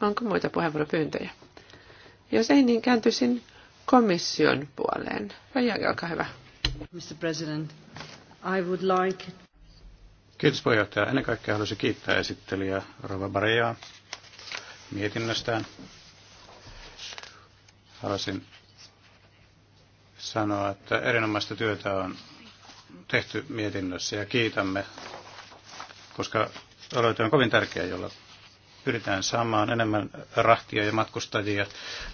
Onko muita puheenvuoropyyntöjä? Jos ei, niin kääntyisin komission puoleen. Rajaga, olkaa hyvä. Mr. President, I would like... Kiitos puheenjohtaja. Ennen kaikkea haluaisin kiittää esittelijä Rova Barejaa mietinnöstään. Haluaisin sanoa, että erinomaista työtä on tehty mietinnössä ja kiitämme, koska aloite on kovin tärkeä, jolla pyritään saamaan enemmän rahtia ja matkustajia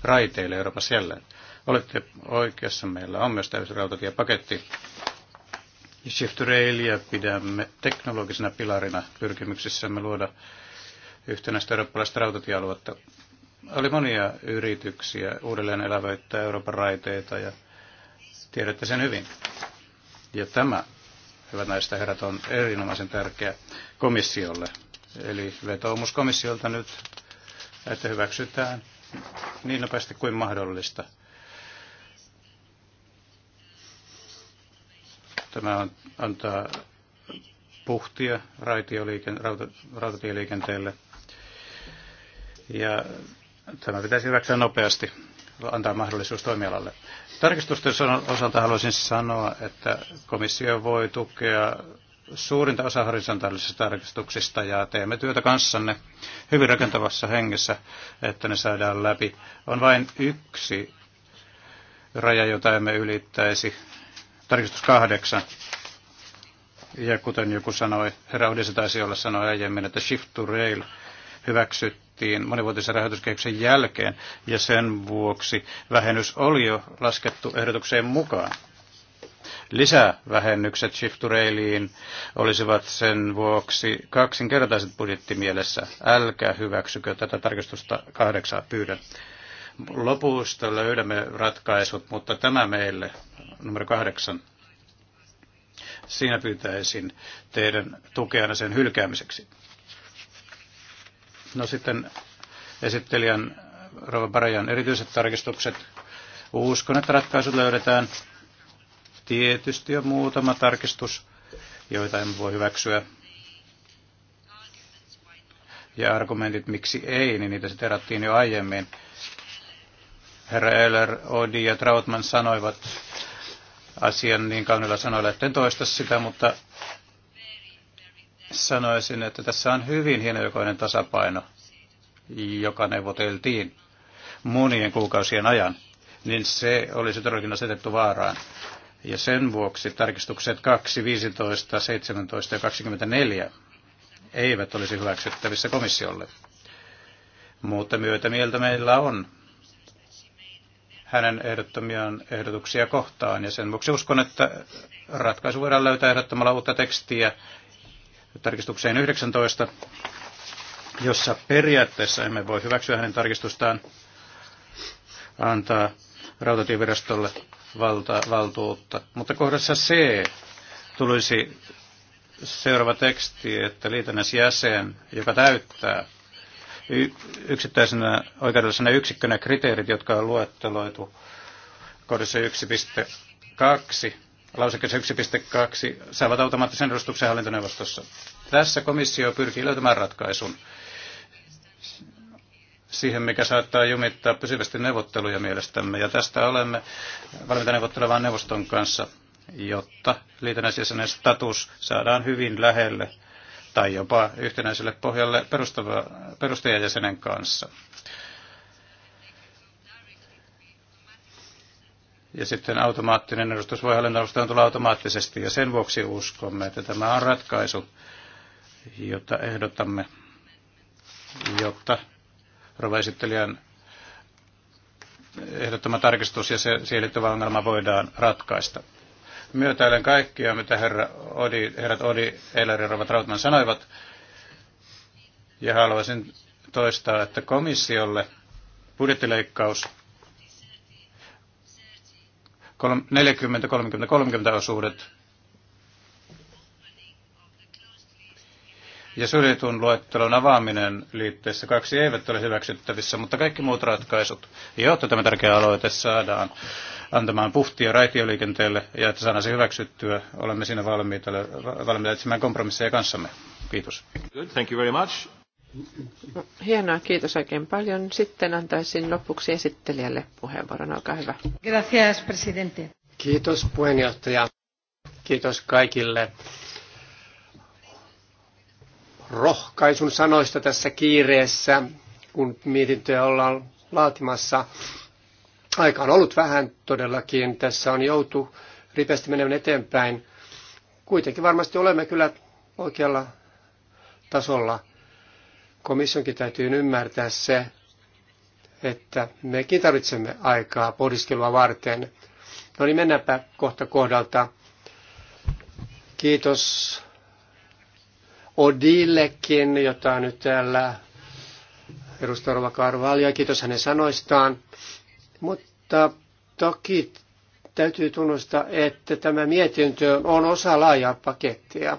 raiteille Euroopassa jälleen. Olette oikeassa, meillä on myös täysi rautatiepaketti. Shift Railia pidämme teknologisena pilarina pyrkimyksissämme luoda yhtenäistä eurooppalaista rautatiealuetta. Oli monia yrityksiä uudelleen elävöittää Euroopan raiteita ja tiedätte sen hyvin. Ja tämä, hyvät naiset herrat, on erinomaisen tärkeä komissiolle Eli vetoomus komissiolta nyt, että hyväksytään niin nopeasti kuin mahdollista. Tämä antaa puhtia rautatieliikenteelle. Ja tämä pitäisi hyväksyä nopeasti, antaa mahdollisuus toimialalle. Tarkistusten osalta haluaisin sanoa, että komissio voi tukea suurinta osa horisontaalisista tarkistuksista ja teemme työtä kanssanne hyvin rakentavassa hengessä, että ne saadaan läpi. On vain yksi raja, jota emme ylittäisi, tarkistus kahdeksan. Ja kuten joku sanoi, herra Odisi taisi olla sanoi aiemmin, että shift to rail hyväksyttiin monivuotisen rahoituskehyksen jälkeen, ja sen vuoksi vähennys oli jo laskettu ehdotukseen mukaan lisävähennykset Railiin olisivat sen vuoksi kaksinkertaiset budjettimielessä. Älkää hyväksykö tätä tarkistusta kahdeksaa pyydän. Lopusta löydämme ratkaisut, mutta tämä meille, numero kahdeksan, siinä pyytäisin teidän tukeana sen hylkäämiseksi. No sitten esittelijän Rova Barajan erityiset tarkistukset. Uskon, että ratkaisut löydetään Tietysti on muutama tarkistus, joita en voi hyväksyä. Ja argumentit, miksi ei, niin niitä terattiin jo aiemmin. Herra Eller, Odi ja Trautman sanoivat asian niin kauniilla sanoilla, etten toista sitä, mutta sanoisin, että tässä on hyvin hienojokoinen tasapaino, joka neuvoteltiin monien kuukausien ajan, niin se olisi todellakin asetettu vaaraan, ja sen vuoksi tarkistukset 2, 15, 17 ja 24 eivät olisi hyväksyttävissä komissiolle. Mutta mieltä meillä on hänen ehdottomiaan ehdotuksia kohtaan. Ja sen vuoksi uskon, että ratkaisu voidaan löytää ehdottamalla uutta tekstiä tarkistukseen 19, jossa periaatteessa emme voi hyväksyä hänen tarkistustaan antaa rautatievirastolle valta, valtuutta. Mutta kohdassa C tulisi seuraava teksti, että liitännäisjäsen, joka täyttää yksittäisenä oikeudellisena yksikkönä kriteerit, jotka on luetteloitu kohdassa 1.2, lausekkeessa 1.2, saavat automaattisen edustuksen hallintoneuvostossa. Tässä komissio pyrkii löytämään ratkaisun siihen, mikä saattaa jumittaa pysyvästi neuvotteluja mielestämme. Ja tästä olemme valmiita neuvottelemaan neuvoston kanssa, jotta liitännäisjäsenen status saadaan hyvin lähelle tai jopa yhtenäiselle pohjalle perustajajäsenen kanssa. Ja sitten automaattinen edustus voi hallintoneuvostoon tulla automaattisesti, ja sen vuoksi uskomme, että tämä on ratkaisu, jota ehdotamme, jotta rovaesittelijän ehdottama tarkistus ja se siihen liittyvä ongelma voidaan ratkaista. Myötäilen kaikkia, mitä herra Odi, herrat Odi, Eiler ja Robert Rautman sanoivat. Ja haluaisin toistaa, että komissiolle budjettileikkaus 40-30-30 osuudet ja suljetun luettelon avaaminen liitteessä kaksi eivät ole hyväksyttävissä, mutta kaikki muut ratkaisut, jotta tämä tärkeä aloite saadaan antamaan puhtia raitioliikenteelle ja että saadaan se hyväksyttyä, olemme siinä valmiita, valmiita etsimään kompromisseja kanssamme. Kiitos. Good, thank you very much. Hienoa, kiitos oikein paljon. Sitten antaisin lopuksi esittelijälle puheenvuoron. Olkaa hyvä. Gracias, presidente. Kiitos puheenjohtaja. Kiitos kaikille rohkaisun sanoista tässä kiireessä, kun mietintöä ollaan laatimassa. Aika on ollut vähän todellakin. Tässä on joutu ripeästi menemään eteenpäin. Kuitenkin varmasti olemme kyllä oikealla tasolla. Komissionkin täytyy ymmärtää se, että mekin tarvitsemme aikaa pohdiskelua varten. No niin, mennäänpä kohta kohdalta. Kiitos Odillekin, jota nyt täällä edustaja Rova Karvalja, kiitos hänen sanoistaan. Mutta toki täytyy tunnustaa, että tämä mietintö on osa laajaa pakettia.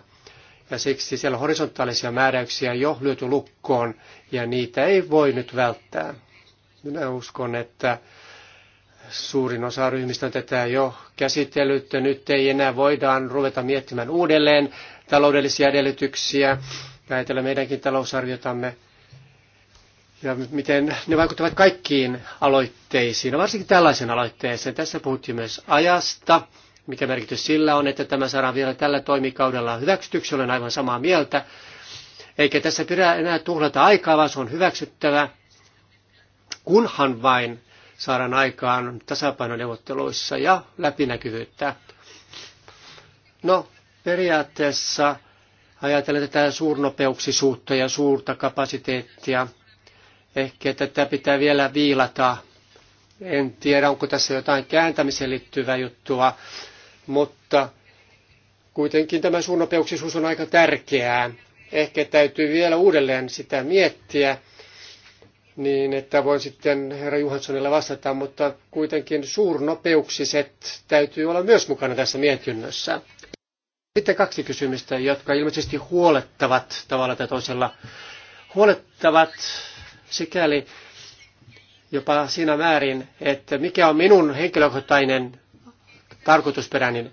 Ja siksi siellä horisontaalisia määräyksiä jo lyöty lukkoon, ja niitä ei voi nyt välttää. Minä uskon, että suurin osa ryhmistä on tätä jo käsitellyt, ja nyt ei enää voidaan ruveta miettimään uudelleen, taloudellisia edellytyksiä, ajatella meidänkin talousarviotamme, ja miten ne vaikuttavat kaikkiin aloitteisiin, no varsinkin tällaisen aloitteeseen. Tässä puhuttiin myös ajasta, mikä merkitys sillä on, että tämä saadaan vielä tällä toimikaudella hyväksytyksi, olen aivan samaa mieltä. Eikä tässä pidä enää tuhlata aikaa, vaan se on hyväksyttävä, kunhan vain saadaan aikaan tasapainoneuvotteluissa ja läpinäkyvyyttä. No, Periaatteessa ajatellen tätä suurnopeuksisuutta ja suurta kapasiteettia, ehkä tätä pitää vielä viilata. En tiedä, onko tässä jotain kääntämiseen liittyvää juttua, mutta kuitenkin tämä suunnopeuksisuus on aika tärkeää. Ehkä täytyy vielä uudelleen sitä miettiä, niin että voin sitten herra Juhanssonille vastata, mutta kuitenkin suurnopeuksiset täytyy olla myös mukana tässä mietinnössä. Sitten kaksi kysymystä, jotka ilmeisesti huolettavat tavalla tai toisella. Huolettavat sikäli jopa siinä määrin, että mikä on minun henkilökohtainen tarkoitusperäni.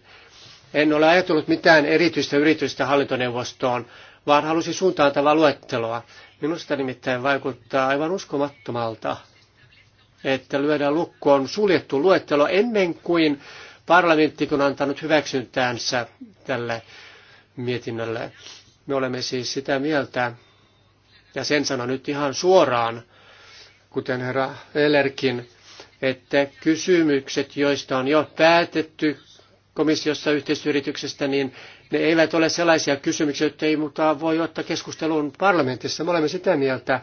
En ole ajatellut mitään erityistä yritystä hallintoneuvostoon, vaan halusin suuntaantavaa luetteloa. Minusta nimittäin vaikuttaa aivan uskomattomalta, että lyödään lukkoon suljettu luettelo ennen kuin parlamentti on antanut hyväksyntäänsä tälle mietinnölle. Me olemme siis sitä mieltä, ja sen sanon nyt ihan suoraan, kuten herra Ellerkin, että kysymykset, joista on jo päätetty komissiossa yhteistyöyrityksestä, niin ne eivät ole sellaisia kysymyksiä, joita ei mukaan voi ottaa keskusteluun parlamentissa. Me olemme sitä mieltä,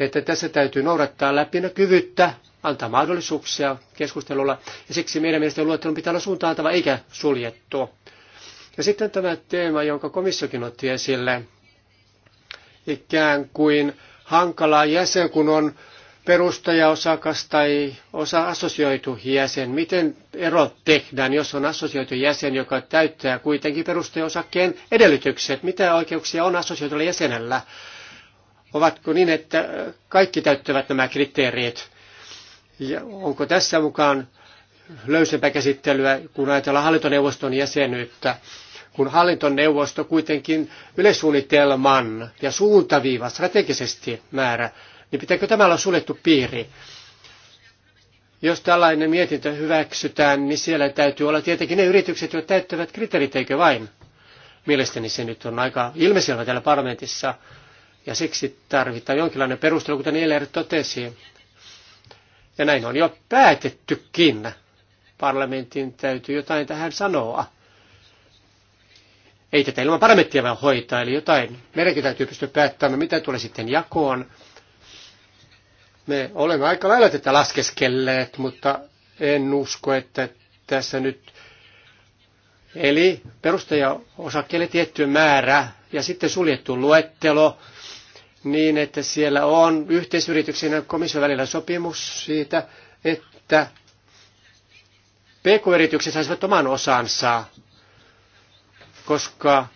että tässä täytyy noudattaa läpinäkyvyyttä, antaa mahdollisuuksia keskustelulla, ja siksi meidän mielestä luettelun pitää olla suuntaantava eikä suljettu. Ja sitten tämä teema, jonka komissiokin otti esille, ikään kuin hankala jäsen, kun on perustajaosakas tai osa assosioitu jäsen. Miten ero tehdään, jos on assosioitu jäsen, joka täyttää kuitenkin perustajaosakkeen edellytykset? Mitä oikeuksia on assosioitulla jäsenellä? Ovatko niin, että kaikki täyttävät nämä kriteerit? Ja onko tässä mukaan löysempää käsittelyä, kun ajatellaan hallintoneuvoston jäsenyyttä, kun hallintoneuvosto kuitenkin yleissuunnitelman ja suuntaviiva strategisesti määrä, niin pitääkö tämä olla suljettu piiri? Jos tällainen mietintö hyväksytään, niin siellä täytyy olla tietenkin ne yritykset, jotka täyttävät kriteerit, eikö vain? Mielestäni se nyt on aika ilmeisellä täällä parlamentissa, ja siksi tarvitaan jonkinlainen perustelu, kuten Eler totesi. Ja näin on jo päätettykin. Parlamentin täytyy jotain tähän sanoa. Ei tätä ilman parlamenttia vaan hoitaa, eli jotain. Meidänkin täytyy pystyä päättämään, mitä tulee sitten jakoon. Me olemme aika lailla tätä laskeskelleet, mutta en usko, että tässä nyt... Eli perustaja osakkeelle tietty määrä ja sitten suljettu luettelo niin, että siellä on yhteisyrityksen ja komission välillä sopimus siitä, että PK-yritykset saisivat oman osansa, koska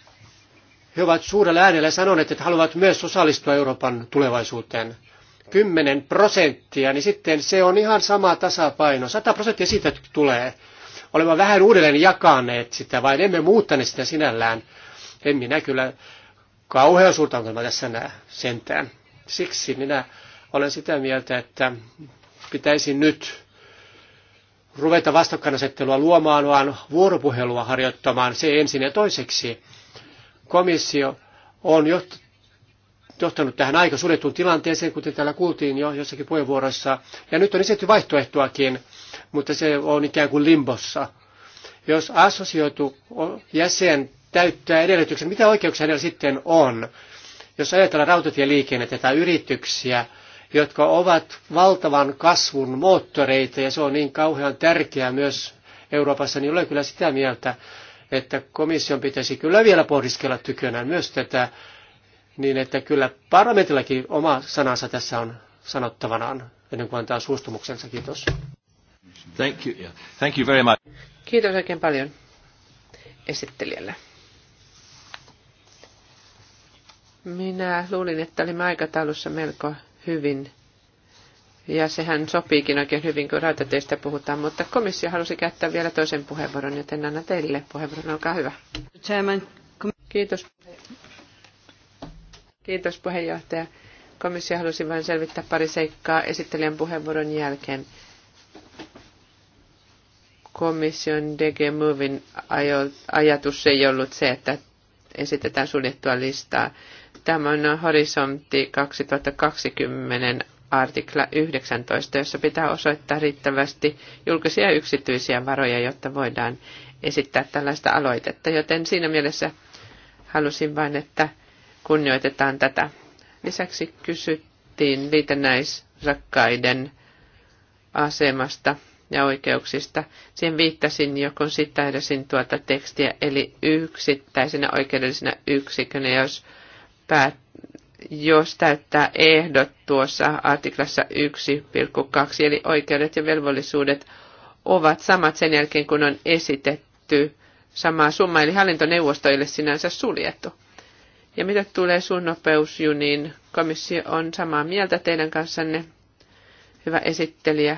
he ovat suurella äänellä sanoneet, että haluavat myös osallistua Euroopan tulevaisuuteen. 10 prosenttia, niin sitten se on ihan sama tasapaino. 100 prosenttia siitä tulee. Olemme vähän uudelleen jakaneet sitä, vai emme muuttaneet sitä sinällään. En minä kyllä kauhean suurta ongelmaa tässä näe sentään. Siksi minä olen sitä mieltä, että pitäisi nyt ruveta vastakkainasettelua luomaan, vaan vuoropuhelua harjoittamaan se ensin ja toiseksi. Komissio on johtanut tähän aika suljettuun tilanteeseen, kuten täällä kuultiin jo jossakin puheenvuorossa. Ja nyt on esitetty vaihtoehtoakin, mutta se on ikään kuin limbossa. Jos assosioitu jäsen täyttää edellytyksen. Mitä oikeuksia hänellä sitten on? Jos ajatellaan rautatieliikennettä tai yrityksiä, jotka ovat valtavan kasvun moottoreita, ja se on niin kauhean tärkeää myös Euroopassa, niin olen kyllä sitä mieltä, että komission pitäisi kyllä vielä pohdiskella tykönään myös tätä, niin että kyllä parlamentillakin oma sanansa tässä on sanottavanaan, ennen kuin antaa suostumuksensa. Kiitos. Thank you. Thank you very much. Kiitos oikein paljon esittelijälle. Minä luulin, että olimme aikataulussa melko hyvin. Ja sehän sopiikin oikein hyvin, kun rautateistä puhutaan, mutta komissio halusi käyttää vielä toisen puheenvuoron, joten annan teille puheenvuoron. Olkaa hyvä. Kiitos. Kiitos puheenjohtaja. Komissio halusi vain selvittää pari seikkaa esittelijän puheenvuoron jälkeen. Komission DG Movin ajatus ei ollut se, että esitetään suljettua listaa Tämä on horisontti 2020 artikla 19, jossa pitää osoittaa riittävästi julkisia ja yksityisiä varoja, jotta voidaan esittää tällaista aloitetta. Joten siinä mielessä halusin vain, että kunnioitetaan tätä. Lisäksi kysyttiin liitännäisrakkaiden asemasta ja oikeuksista. Siihen viittasin jo, kun edesin tuota tekstiä, eli yksittäisenä oikeudellisena yksikönä, jos päät, jos täyttää ehdot tuossa artiklassa 1,2, eli oikeudet ja velvollisuudet ovat samat sen jälkeen, kun on esitetty samaa summa, eli hallintoneuvostoille sinänsä suljettu. Ja mitä tulee sun nopeusjuniin, komissio on samaa mieltä teidän kanssanne, hyvä esittelijä.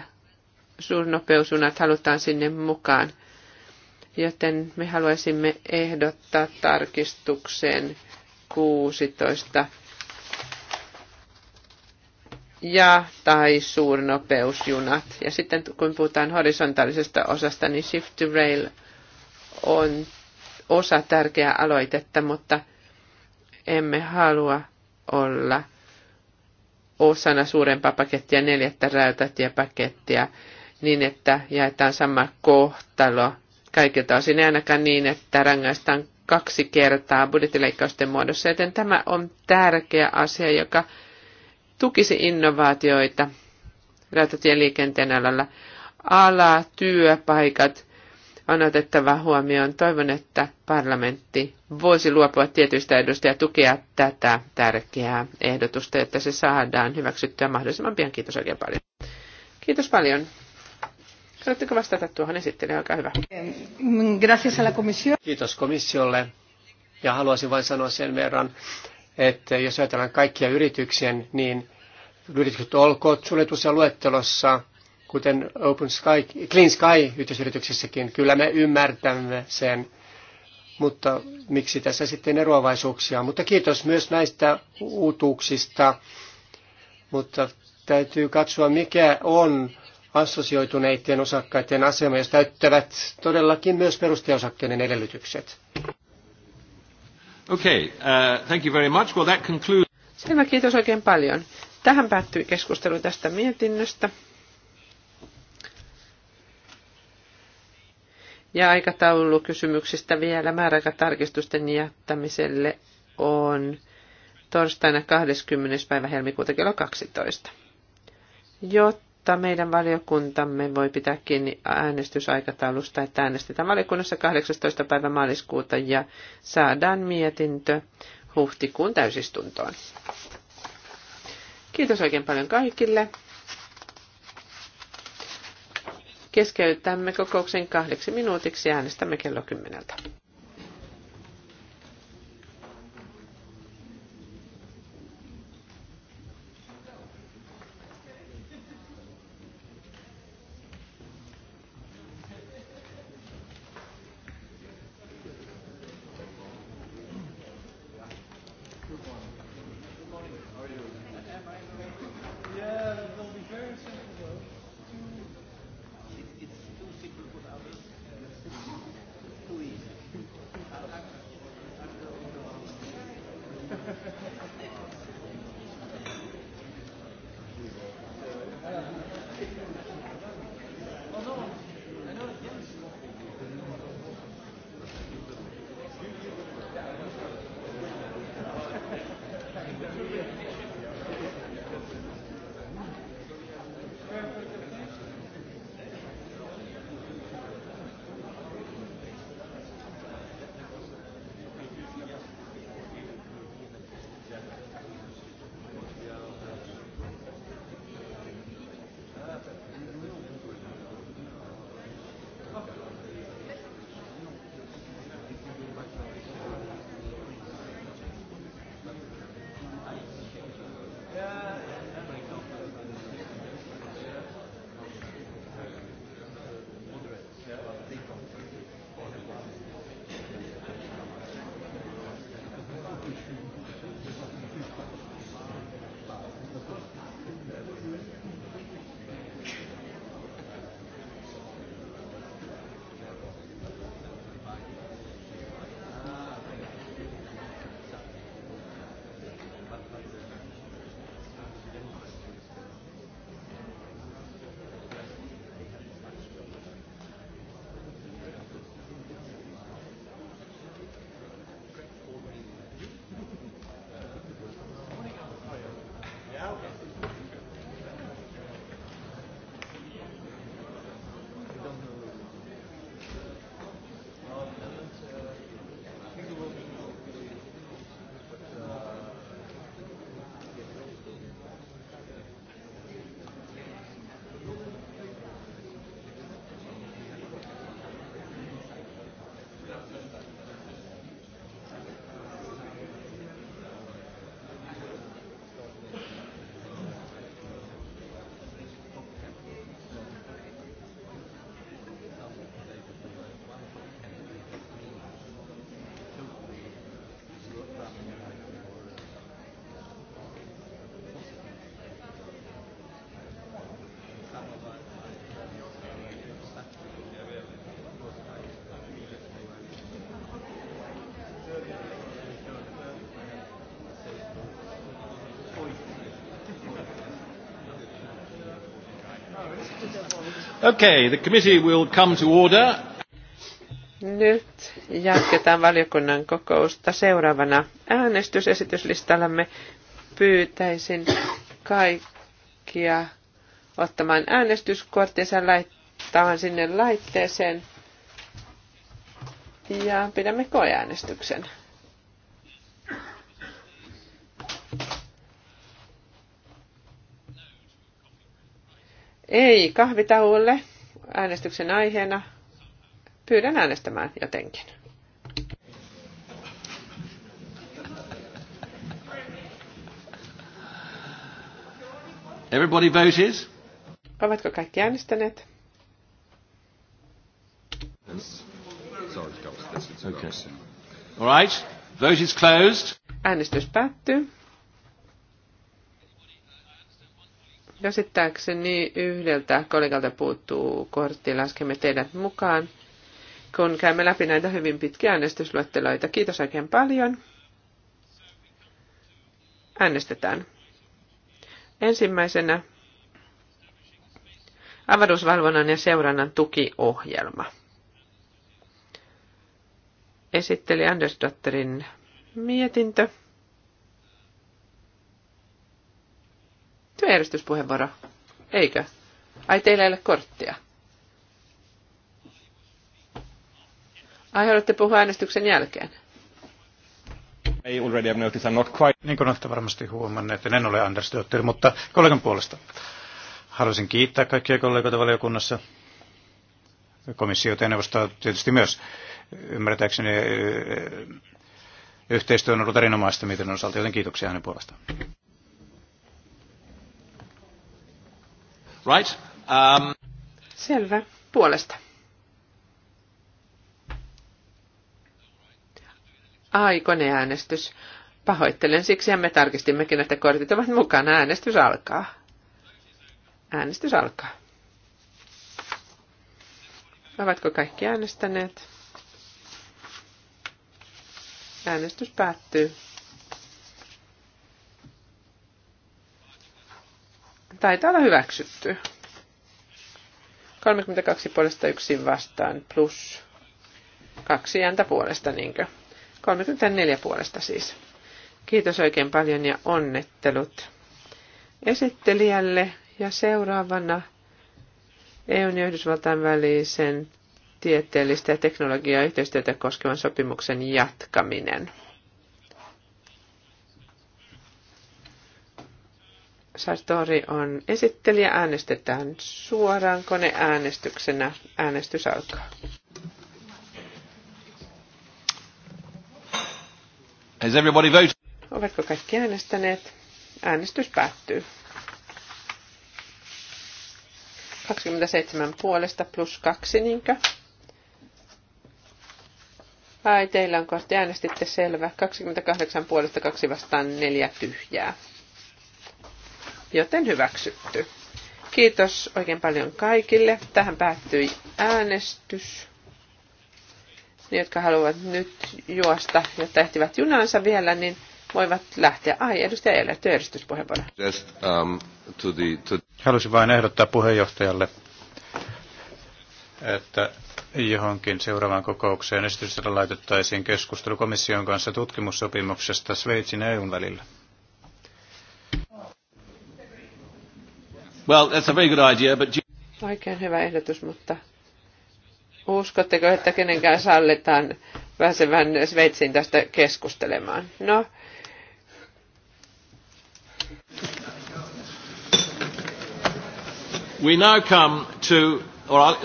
Suurnopeusjunat halutaan sinne mukaan, joten me haluaisimme ehdottaa tarkistukseen 16 ja tai suurnopeusjunat. Ja sitten kun puhutaan horisontaalisesta osasta, niin Shift to Rail on osa tärkeää aloitetta, mutta emme halua olla osana suurempaa pakettia, neljättä rautatiepakettia, niin että jaetaan sama kohtalo kaikilta osin, ei ainakaan niin, että rangaistaan kaksi kertaa budjettileikkausten muodossa, joten tämä on tärkeä asia, joka tukisi innovaatioita rautatien liikenteen alalla. Ala, työpaikat on otettava huomioon. Toivon, että parlamentti voisi luopua tietyistä edusta ja tukea tätä tärkeää ehdotusta, että se saadaan hyväksyttyä mahdollisimman pian. Kiitos oikein paljon. Kiitos paljon. Saatteko vastata tuohon esittelyyn? Olkaa hyvä. Gracias a la comisión. Kiitos komissiolle. Ja haluaisin vain sanoa sen verran, että jos ajatellaan kaikkia yrityksiä, niin yritykset olkoot suljetussa luettelossa, kuten Open Sky, Clean sky yhteisyrityksessäkin, Kyllä me ymmärtämme sen, mutta miksi tässä sitten eroavaisuuksia. Mutta kiitos myös näistä uutuuksista, mutta täytyy katsoa, mikä on assosioituneiden osakkaiden asema, jos täyttävät todellakin myös perusteosakkeiden edellytykset. Okay, uh, thank you very much. Well, that concludes... Selvä, kiitos oikein paljon. Tähän päättyi keskustelu tästä mietinnöstä. Ja aikataulu kysymyksistä vielä määräaikatarkistusten jättämiselle on torstaina 20. päivä helmikuuta kello 12. Jotta mutta meidän valiokuntamme voi pitää kiinni äänestysaikataulusta, että äänestetään valiokunnassa 18. päivä maaliskuuta ja saadaan mietintö huhtikuun täysistuntoon. Kiitos oikein paljon kaikille. Keskeytämme kokouksen kahdeksi minuutiksi ja äänestämme kello kymmeneltä. Okay, the committee will come to order. Nyt jatketaan valiokunnan kokousta. Seuraavana äänestysesityslistallamme pyytäisin kaikkia ottamaan äänestyskorttinsa laittamaan sinne laitteeseen. Ja pidämme koeäänestyksen. Ei kahvitauolle äänestyksen aiheena. Pyydän äänestämään jotenkin. Everybody voted. Ovatko kaikki äänestäneet? Okay. All right. Vote is closed. Äänestys päättyy. Käsittääkseni yhdeltä kollegalta puuttuu kortti, laskemme teidät mukaan, kun käymme läpi näitä hyvin pitkiä äänestysluetteloita. Kiitos oikein paljon. Äänestetään. Ensimmäisenä avaruusvalvonnan ja seurannan tukiohjelma. Esitteli Anders Dotterin mietintö. Työjärjestyspuheenvuoro. Eikö? Ai teillä ei ole korttia. Ai haluatte puhua äänestyksen jälkeen? Ei already have noticed, I'm not quite... Niin kuin olette varmasti huomanneet, en ole Anders Dötter, mutta kollegan puolesta. Haluaisin kiittää kaikkia kollegoita valiokunnassa. Komissiota ja neuvostoa tietysti myös. Ymmärtääkseni yhteistyö on ollut erinomaista, miten on osalta, joten kiitoksia hänen puolestaan. Right. Um... Selvä. Puolesta. Aikone äänestys Pahoittelen siksi, ja me tarkistimmekin, että kortit ovat mukana. Äänestys alkaa. Äänestys alkaa. Ovatko kaikki äänestäneet? Äänestys päättyy. Taitaa olla hyväksytty. 32 puolesta yksin vastaan plus kaksi ääntä puolesta, niinkö? 34 puolesta siis. Kiitos oikein paljon ja onnettelut esittelijälle ja seuraavana EUn ja Yhdysvaltain välisen tieteellistä ja teknologiayhteistyötä koskevan sopimuksen jatkaminen. Sartori on esittelijä. Äänestetään suoraan koneäänestyksenä. Äänestys alkaa. Has everybody voted? Ovatko kaikki äänestäneet? Äänestys päättyy. 27 puolesta plus 2, niinkö? Ai, teillä on kohti äänestitte selvä. 28 puolesta 2 vastaan 4 tyhjää joten hyväksytty. Kiitos oikein paljon kaikille. Tähän päättyi äänestys. Ne, jotka haluavat nyt juosta, ja ehtivät junansa vielä, niin voivat lähteä. Ai, edustaja Eilä, työjärjestyspuheenvuoro. um, to Halusin vain ehdottaa puheenjohtajalle, että johonkin seuraavaan kokoukseen esitystä laitettaisiin keskustelu komission kanssa tutkimussopimuksesta Sveitsin ja EUn välillä. Well, that's a very good idea, but... Oikein hyvä ehdotus, mutta uskotteko, että kenenkään sallitaan pääsevän Sveitsiin tästä keskustelemaan? No, We now come to, or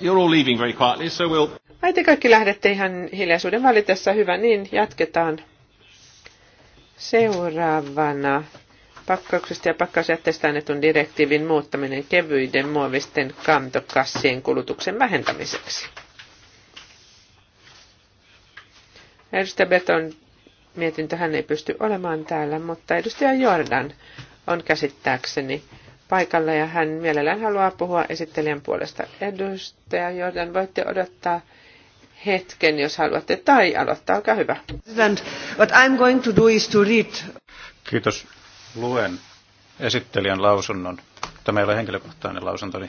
you're all leaving very quietly, so we'll... Ai te kaikki lähdette ihan hiljaisuuden valitessa. Hyvä, niin jatketaan. Seuraavana pakkauksesta ja pakkausjätteestä annetun direktiivin muuttaminen kevyiden muovisten kantokassien kulutuksen vähentämiseksi. Edustaja Beton mietintö hän ei pysty olemaan täällä, mutta edustaja Jordan on käsittääkseni paikalla ja hän mielellään haluaa puhua esittelijän puolesta. Edustaja Jordan, voitte odottaa hetken, jos haluatte, tai aloittaa, olkaa hyvä. What I'm going to do is to read. Kiitos luen esittelijän lausunnon. Tämä ei ole henkilökohtainen lausunto.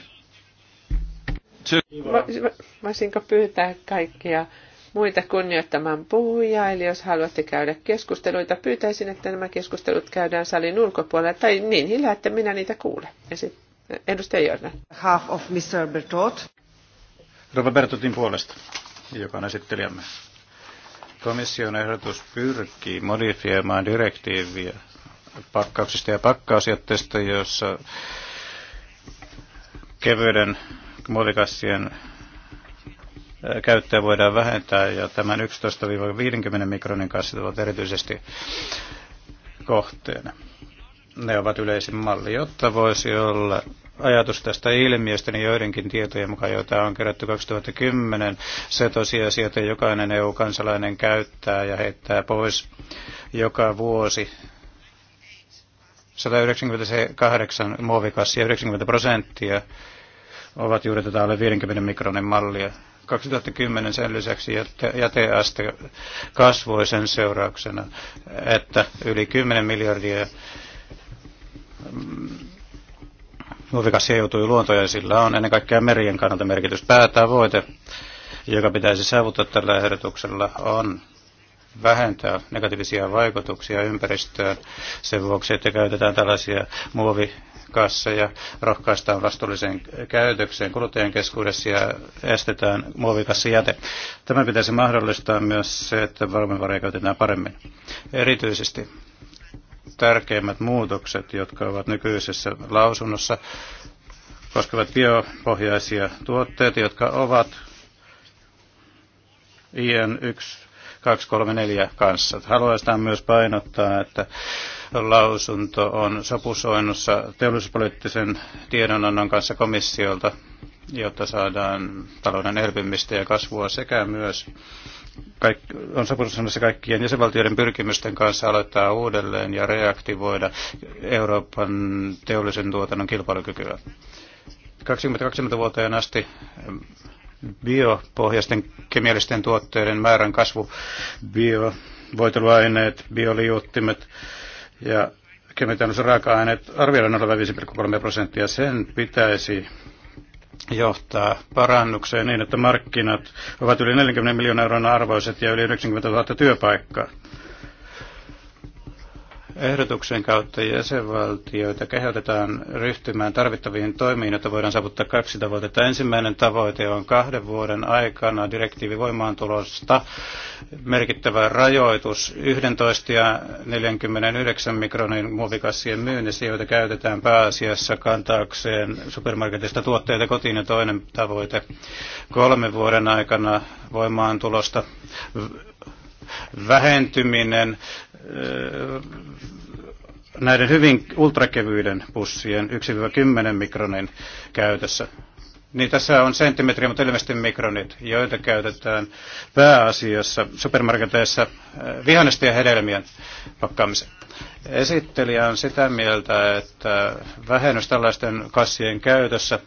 Voisinko pyytää kaikkia muita kunnioittamaan puhujaa, eli jos haluatte käydä keskusteluita, pyytäisin, että nämä keskustelut käydään salin ulkopuolella, tai niin hiljaa, että minä niitä kuulen. Edustaja Jörnä. Half of Mr. Bertot. Rova Bertotin puolesta, joka on esittelijämme. Komission ehdotus pyrkii modifioimaan direktiiviä pakkauksista ja pakkausjätteistä, joissa kevyiden muovikassien käyttöä voidaan vähentää ja tämän 11-50 mikronin kassit ovat erityisesti kohteena. Ne ovat yleisin malli, jotta voisi olla ajatus tästä ilmiöstä, niin joidenkin tietojen mukaan, joita on kerätty 2010, se tosiasia, että jokainen EU-kansalainen käyttää ja heittää pois joka vuosi 198 muovikassia, 90 prosenttia ovat juuri tätä alle 50 mikronin mallia. 2010 sen lisäksi jäteaste kasvoi sen seurauksena, että yli 10 miljardia muovikassia joutui luontoon ja sillä on ennen kaikkea merien kannalta merkitys. Päätavoite, joka pitäisi saavuttaa tällä ehdotuksella, on vähentää negatiivisia vaikutuksia ympäristöön sen vuoksi, että käytetään tällaisia muovikasseja, rohkaistaan vastuulliseen käytökseen kuluttajien keskuudessa ja estetään muovikassijäte. Tämä pitäisi mahdollistaa myös se, että valmiinvaroja käytetään paremmin. Erityisesti tärkeimmät muutokset, jotka ovat nykyisessä lausunnossa, koskevat biopohjaisia tuotteita, jotka ovat IN1 234 kanssa. Haluaisin myös painottaa, että lausunto on sopusoinnussa teollisuuspoliittisen tiedonannon kanssa komissiolta, jotta saadaan talouden elpymistä ja kasvua sekä myös Kaik, on sopimussannossa kaikkien jäsenvaltioiden pyrkimysten kanssa aloittaa uudelleen ja reaktivoida Euroopan teollisen tuotannon kilpailukykyä. 2020 vuoteen asti biopohjaisten kemiallisten tuotteiden määrän kasvu, biovoiteluaineet, bioliuuttimet ja kemitaloudelliset raaka-aineet arvioidaan olevan 5,3 prosenttia. Sen pitäisi johtaa parannukseen niin, että markkinat ovat yli 40 miljoonaa euron arvoiset ja yli 90 000 työpaikkaa. Ehdotuksen kautta jäsenvaltioita kehotetaan ryhtymään tarvittaviin toimiin, jotta voidaan saavuttaa kaksi tavoitetta. Ensimmäinen tavoite on kahden vuoden aikana direktiivi voimaantulosta merkittävä rajoitus 11 ja 49 mikronin muovikassien myynnissä, joita käytetään pääasiassa kantaakseen supermarketista tuotteita kotiin. Ja toinen tavoite kolmen vuoden aikana voimaantulosta vähentyminen näiden hyvin ultrakevyiden pussien 1-10 mikronin käytössä. Niin tässä on senttimetriä, mutta ilmeisesti mikronit, joita käytetään pääasiassa supermarketeissa vihannesta ja hedelmien pakkaamiseen. Esittelijä on sitä mieltä, että vähennys tällaisten kassien käytössä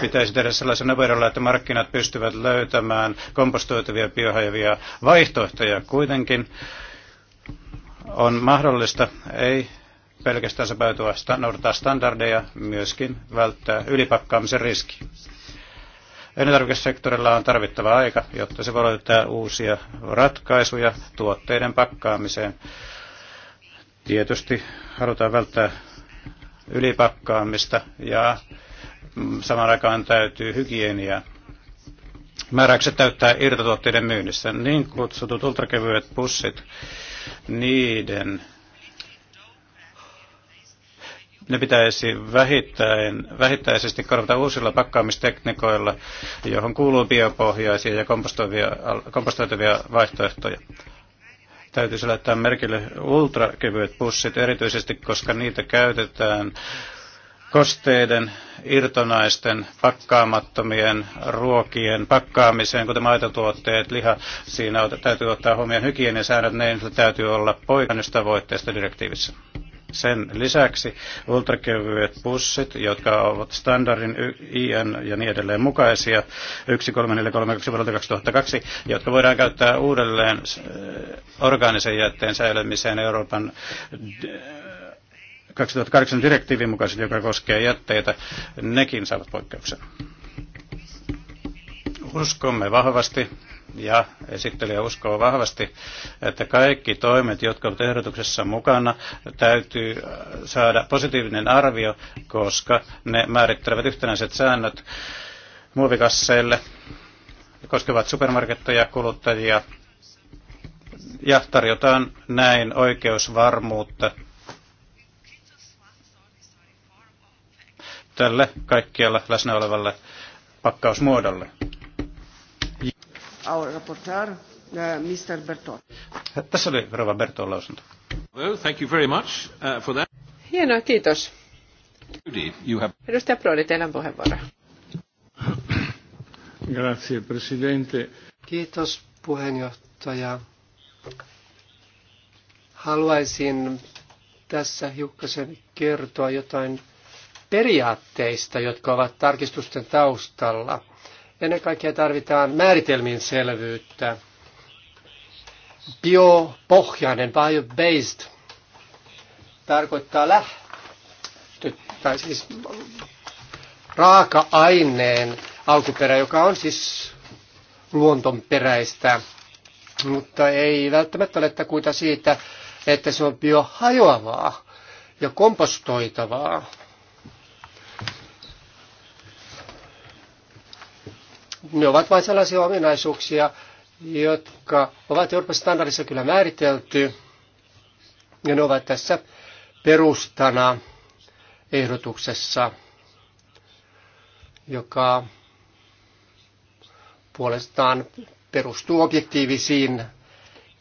pitäisi tehdä sellaisena verolla, että markkinat pystyvät löytämään kompostoitavia biohajavia vaihtoehtoja. Kuitenkin on mahdollista, ei pelkästään sopeutua noudattaa standardeja, myöskin välttää ylipakkaamisen riski. Elintarvikesektorilla on tarvittava aika, jotta se voi löytää uusia ratkaisuja tuotteiden pakkaamiseen. Tietysti halutaan välttää ylipakkaamista ja samaan aikaan täytyy hygienia määräykset täyttää irtotuotteiden myynnissä. Niin kutsutut ultrakevyet pussit, niiden ne pitäisi vähittäin, vähittäisesti korvata uusilla pakkaamistekniikoilla, johon kuuluu biopohjaisia ja kompostoitavia vaihtoehtoja. Täytyisi laittaa merkille ultrakevyet pussit erityisesti, koska niitä käytetään kosteiden, irtonaisten, pakkaamattomien ruokien pakkaamiseen, kuten maitotuotteet, liha, siinä täytyy ottaa huomioon hygieniasäännöt, ne täytyy olla poikannustavoitteista direktiivissä. Sen lisäksi ultrakevyet pussit, jotka ovat standardin IN ja niin edelleen mukaisia 13432 vuodelta jotka voidaan käyttää uudelleen eh, orgaanisen jätteen säilymiseen Euroopan 2008 direktiivin mukaiset, joka koskee jätteitä, nekin saavat poikkeuksen. Uskomme vahvasti ja esittelijä uskoo vahvasti, että kaikki toimet, jotka ovat ehdotuksessa mukana, täytyy saada positiivinen arvio, koska ne määrittelevät yhtenäiset säännöt muovikasseille, koskevat supermarketteja, kuluttajia ja tarjotaan näin oikeusvarmuutta tälle kaikkialla läsnä olevalle pakkausmuodolle. Our rapporteur, uh, Mr. Tässä oli Rova Berton lausunto. Well, thank you very much uh, for that. Hienoa, kiitos. You have... Edustaja Prodi, on puheenvuoro. Grazie, Presidente. Kiitos, puheenjohtaja. Haluaisin tässä hiukkasen kertoa jotain periaatteista, jotka ovat tarkistusten taustalla. Ennen kaikkea tarvitaan määritelmin selvyyttä. Biopohjainen, bio-based, tarkoittaa lähtö, tai siis raaka-aineen alkuperä, joka on siis luontonperäistä, mutta ei välttämättä ole kuita siitä, että se on biohajoavaa ja kompostoitavaa. Ne ovat vain sellaisia ominaisuuksia, jotka ovat Euroopan standardissa kyllä määritelty, ja ne ovat tässä perustana ehdotuksessa, joka puolestaan perustuu objektiivisiin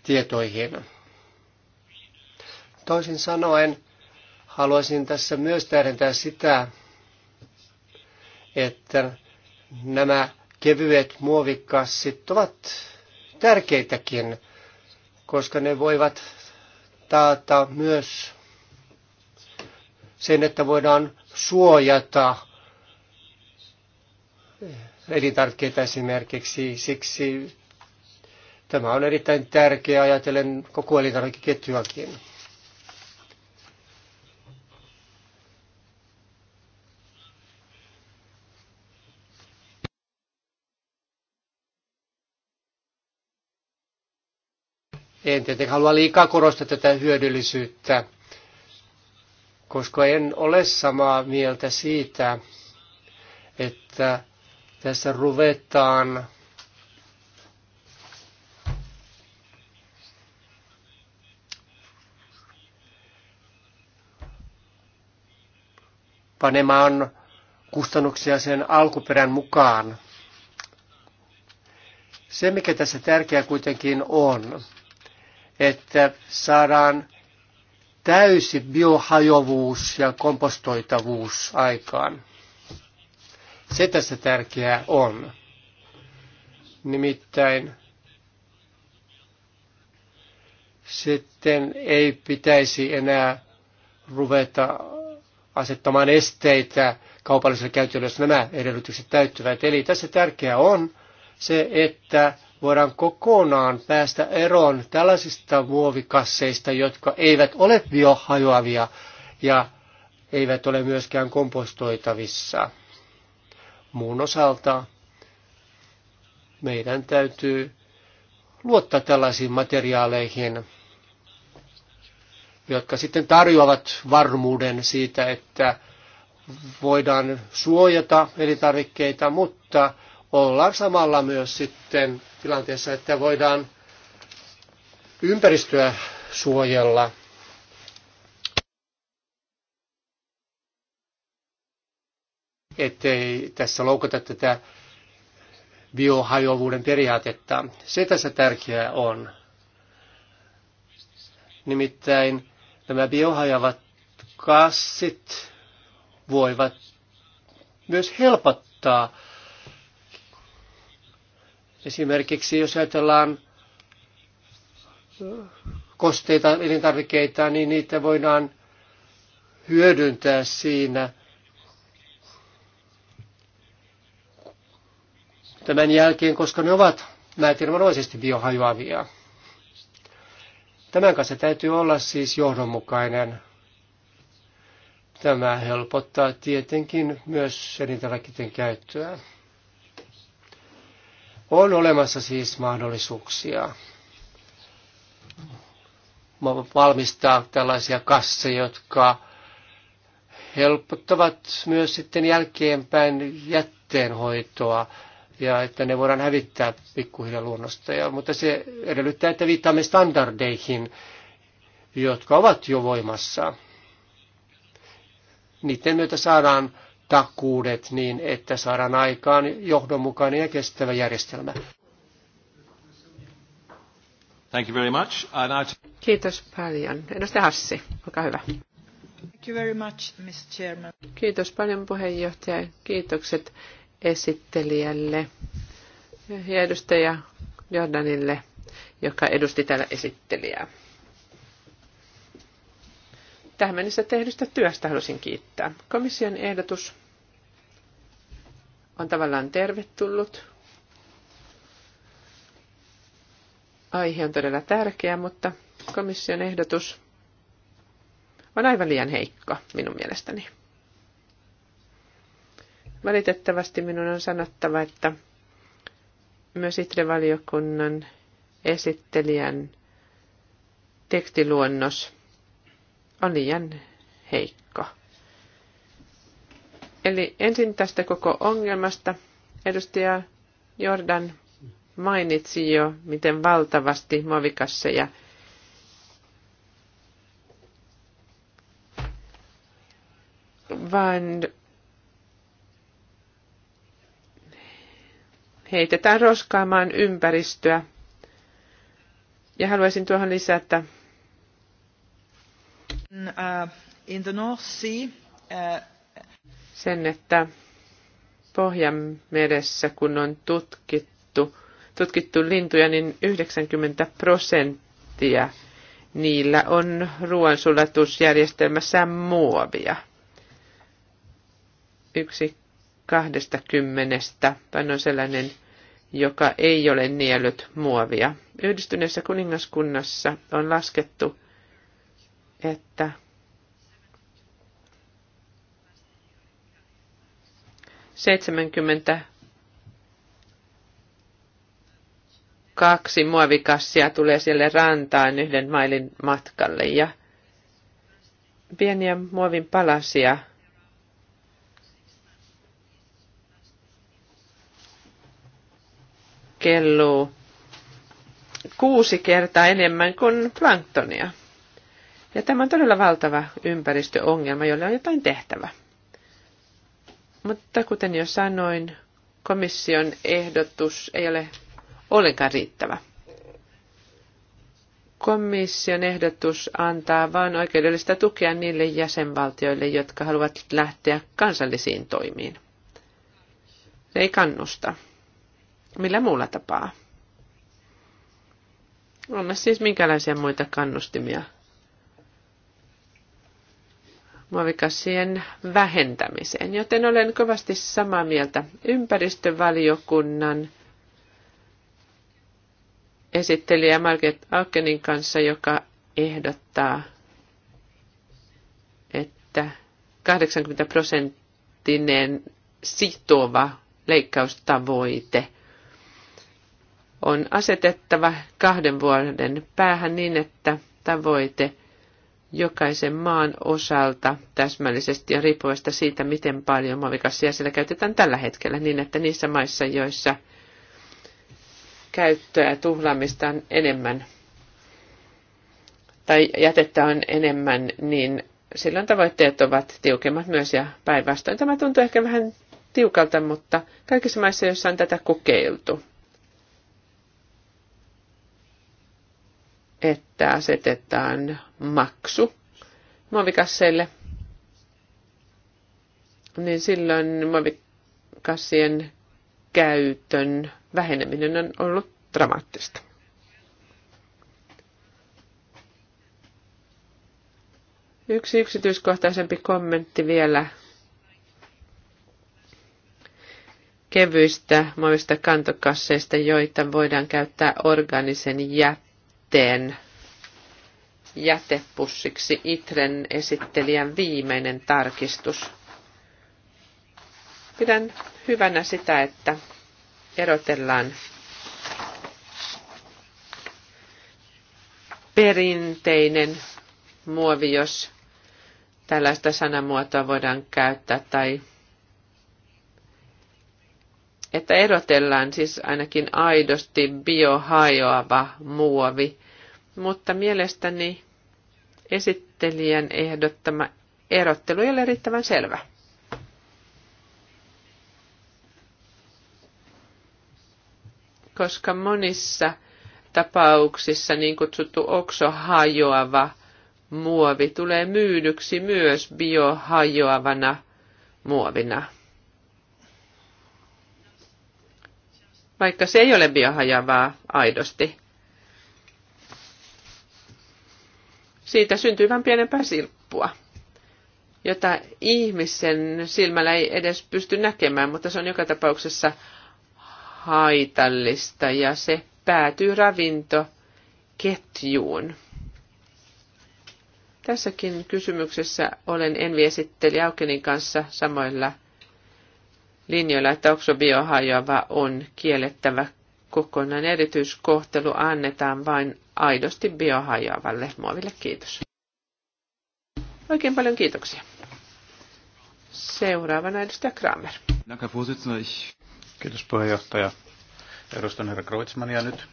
tietoihin. Toisin sanoen, haluaisin tässä myös tähdentää sitä, että nämä kevyet muovikassit ovat tärkeitäkin, koska ne voivat taata myös sen, että voidaan suojata elintarvikkeita esimerkiksi. Siksi tämä on erittäin tärkeä, ajatellen koko elintarvikeketjuakin. En tietenkään halua liikaa korostaa tätä hyödyllisyyttä, koska en ole samaa mieltä siitä, että tässä ruvetaan panemaan kustannuksia sen alkuperän mukaan. Se, mikä tässä tärkeää kuitenkin on, että saadaan täysi biohajovuus ja kompostoitavuus aikaan. Se tässä tärkeää on. Nimittäin sitten ei pitäisi enää ruveta asettamaan esteitä kaupalliselle käytölle, jos nämä edellytykset täyttyvät. Eli tässä tärkeää on se, että voidaan kokonaan päästä eroon tällaisista muovikasseista, jotka eivät ole biohajoavia ja eivät ole myöskään kompostoitavissa. Muun osalta meidän täytyy luottaa tällaisiin materiaaleihin, jotka sitten tarjoavat varmuuden siitä, että voidaan suojata elintarvikkeita, mutta ollaan samalla myös sitten tilanteessa, että voidaan ympäristöä suojella. ettei tässä loukata tätä biohajoavuuden periaatetta. Se tässä tärkeää on. Nimittäin nämä biohajavat kassit voivat myös helpottaa Esimerkiksi jos ajatellaan kosteita elintarvikkeita, niin niitä voidaan hyödyntää siinä. Tämän jälkeen, koska ne ovat määritelmänoisesti biohajoavia. Tämän kanssa täytyy olla siis johdonmukainen. Tämä helpottaa tietenkin myös elintarvikkeiden käyttöä. On olemassa siis mahdollisuuksia valmistaa tällaisia kasseja, jotka helpottavat myös sitten jälkeenpäin jätteenhoitoa ja että ne voidaan hävittää pikkuhiljaa luonnosta. Ja, mutta se edellyttää, että viittaamme standardeihin, jotka ovat jo voimassa. Niiden myötä saadaan takuudet niin, että saadaan aikaan johdonmukainen ja kestävä järjestelmä. Thank you very much. I... Kiitos paljon. Edustaja Hassi, olkaa hyvä. Thank you very much, Mr. Chairman. Kiitos paljon puheenjohtaja. Kiitokset esittelijälle ja edustaja Jordanille, joka edusti täällä esittelijää. Tähän mennessä tehdystä työstä haluaisin kiittää. Komission ehdotus on tavallaan tervetullut. Aihe on todella tärkeä, mutta komission ehdotus on aivan liian heikko minun mielestäni. Valitettavasti minun on sanottava, että myös ITRE-valiokunnan esittelijän tekstiluonnos on liian heikko. Eli ensin tästä koko ongelmasta. Edustaja Jordan mainitsi jo, miten valtavasti muovikasseja vaan heitetään roskaamaan ympäristöä. Ja haluaisin tuohon lisätä. In uh, the North Sea, uh, sen, että Pohjanmeressä, kun on tutkittu, tutkittu lintuja, niin 90 prosenttia niillä on ruoansulatusjärjestelmässä muovia. Yksi kahdesta kymmenestä, vaan on sellainen, joka ei ole niellyt muovia. Yhdistyneessä kuningaskunnassa on laskettu, että 72 kaksi muovikassia tulee siellä rantaan yhden mailin matkalle ja pieniä muovin palasia kelluu kuusi kertaa enemmän kuin planktonia. Ja tämä on todella valtava ympäristöongelma, jolle on jotain tehtävä. Mutta kuten jo sanoin, komission ehdotus ei ole ollenkaan riittävä. Komission ehdotus antaa vain oikeudellista tukea niille jäsenvaltioille, jotka haluavat lähteä kansallisiin toimiin. Se ei kannusta. Millä muulla tapaa? On siis minkälaisia muita kannustimia? muovikassien vähentämiseen, joten olen kovasti samaa mieltä ympäristövaliokunnan esittelijä Market Aukenin kanssa, joka ehdottaa, että 80 prosenttinen sitova leikkaustavoite on asetettava kahden vuoden päähän niin, että tavoite jokaisen maan osalta täsmällisesti ja riippuvasta siitä, miten paljon muovikassia siellä käytetään tällä hetkellä, niin että niissä maissa, joissa käyttöä ja tuhlaamista on enemmän tai jätettä on enemmän, niin silloin tavoitteet ovat tiukemmat myös ja päinvastoin. Tämä tuntuu ehkä vähän tiukalta, mutta kaikissa maissa, joissa on tätä kokeiltu, että asetetaan maksu muovikasseille, niin silloin muovikassien käytön väheneminen on ollut dramaattista. Yksi yksityiskohtaisempi kommentti vielä kevyistä muovista kantokasseista, joita voidaan käyttää organisen jätteen jätteen jätepussiksi Itren esittelijän viimeinen tarkistus. Pidän hyvänä sitä, että erotellaan perinteinen muovi, jos tällaista sanamuotoa voidaan käyttää, tai että erotellaan siis ainakin aidosti biohajoava muovi, mutta mielestäni esittelijän ehdottama erottelu ei ole riittävän selvä. Koska monissa tapauksissa niin kutsuttu oksohajoava muovi tulee myydyksi myös biohajoavana muovina. vaikka se ei ole biohajavaa aidosti. Siitä syntyy vain pienempää silppua, jota ihmisen silmällä ei edes pysty näkemään, mutta se on joka tapauksessa haitallista ja se päätyy ravintoketjuun. Tässäkin kysymyksessä olen enviesittelijä Aukenin kanssa samoilla linjoilla, että oksobiohajoava on kiellettävä kokonaan. Erityiskohtelu annetaan vain aidosti biohajoavalle muoville. Kiitos. Oikein paljon kiitoksia. Seuraavana edustaja Kramer. Kiitos puheenjohtaja. Edustan herra Kreutzmania nyt.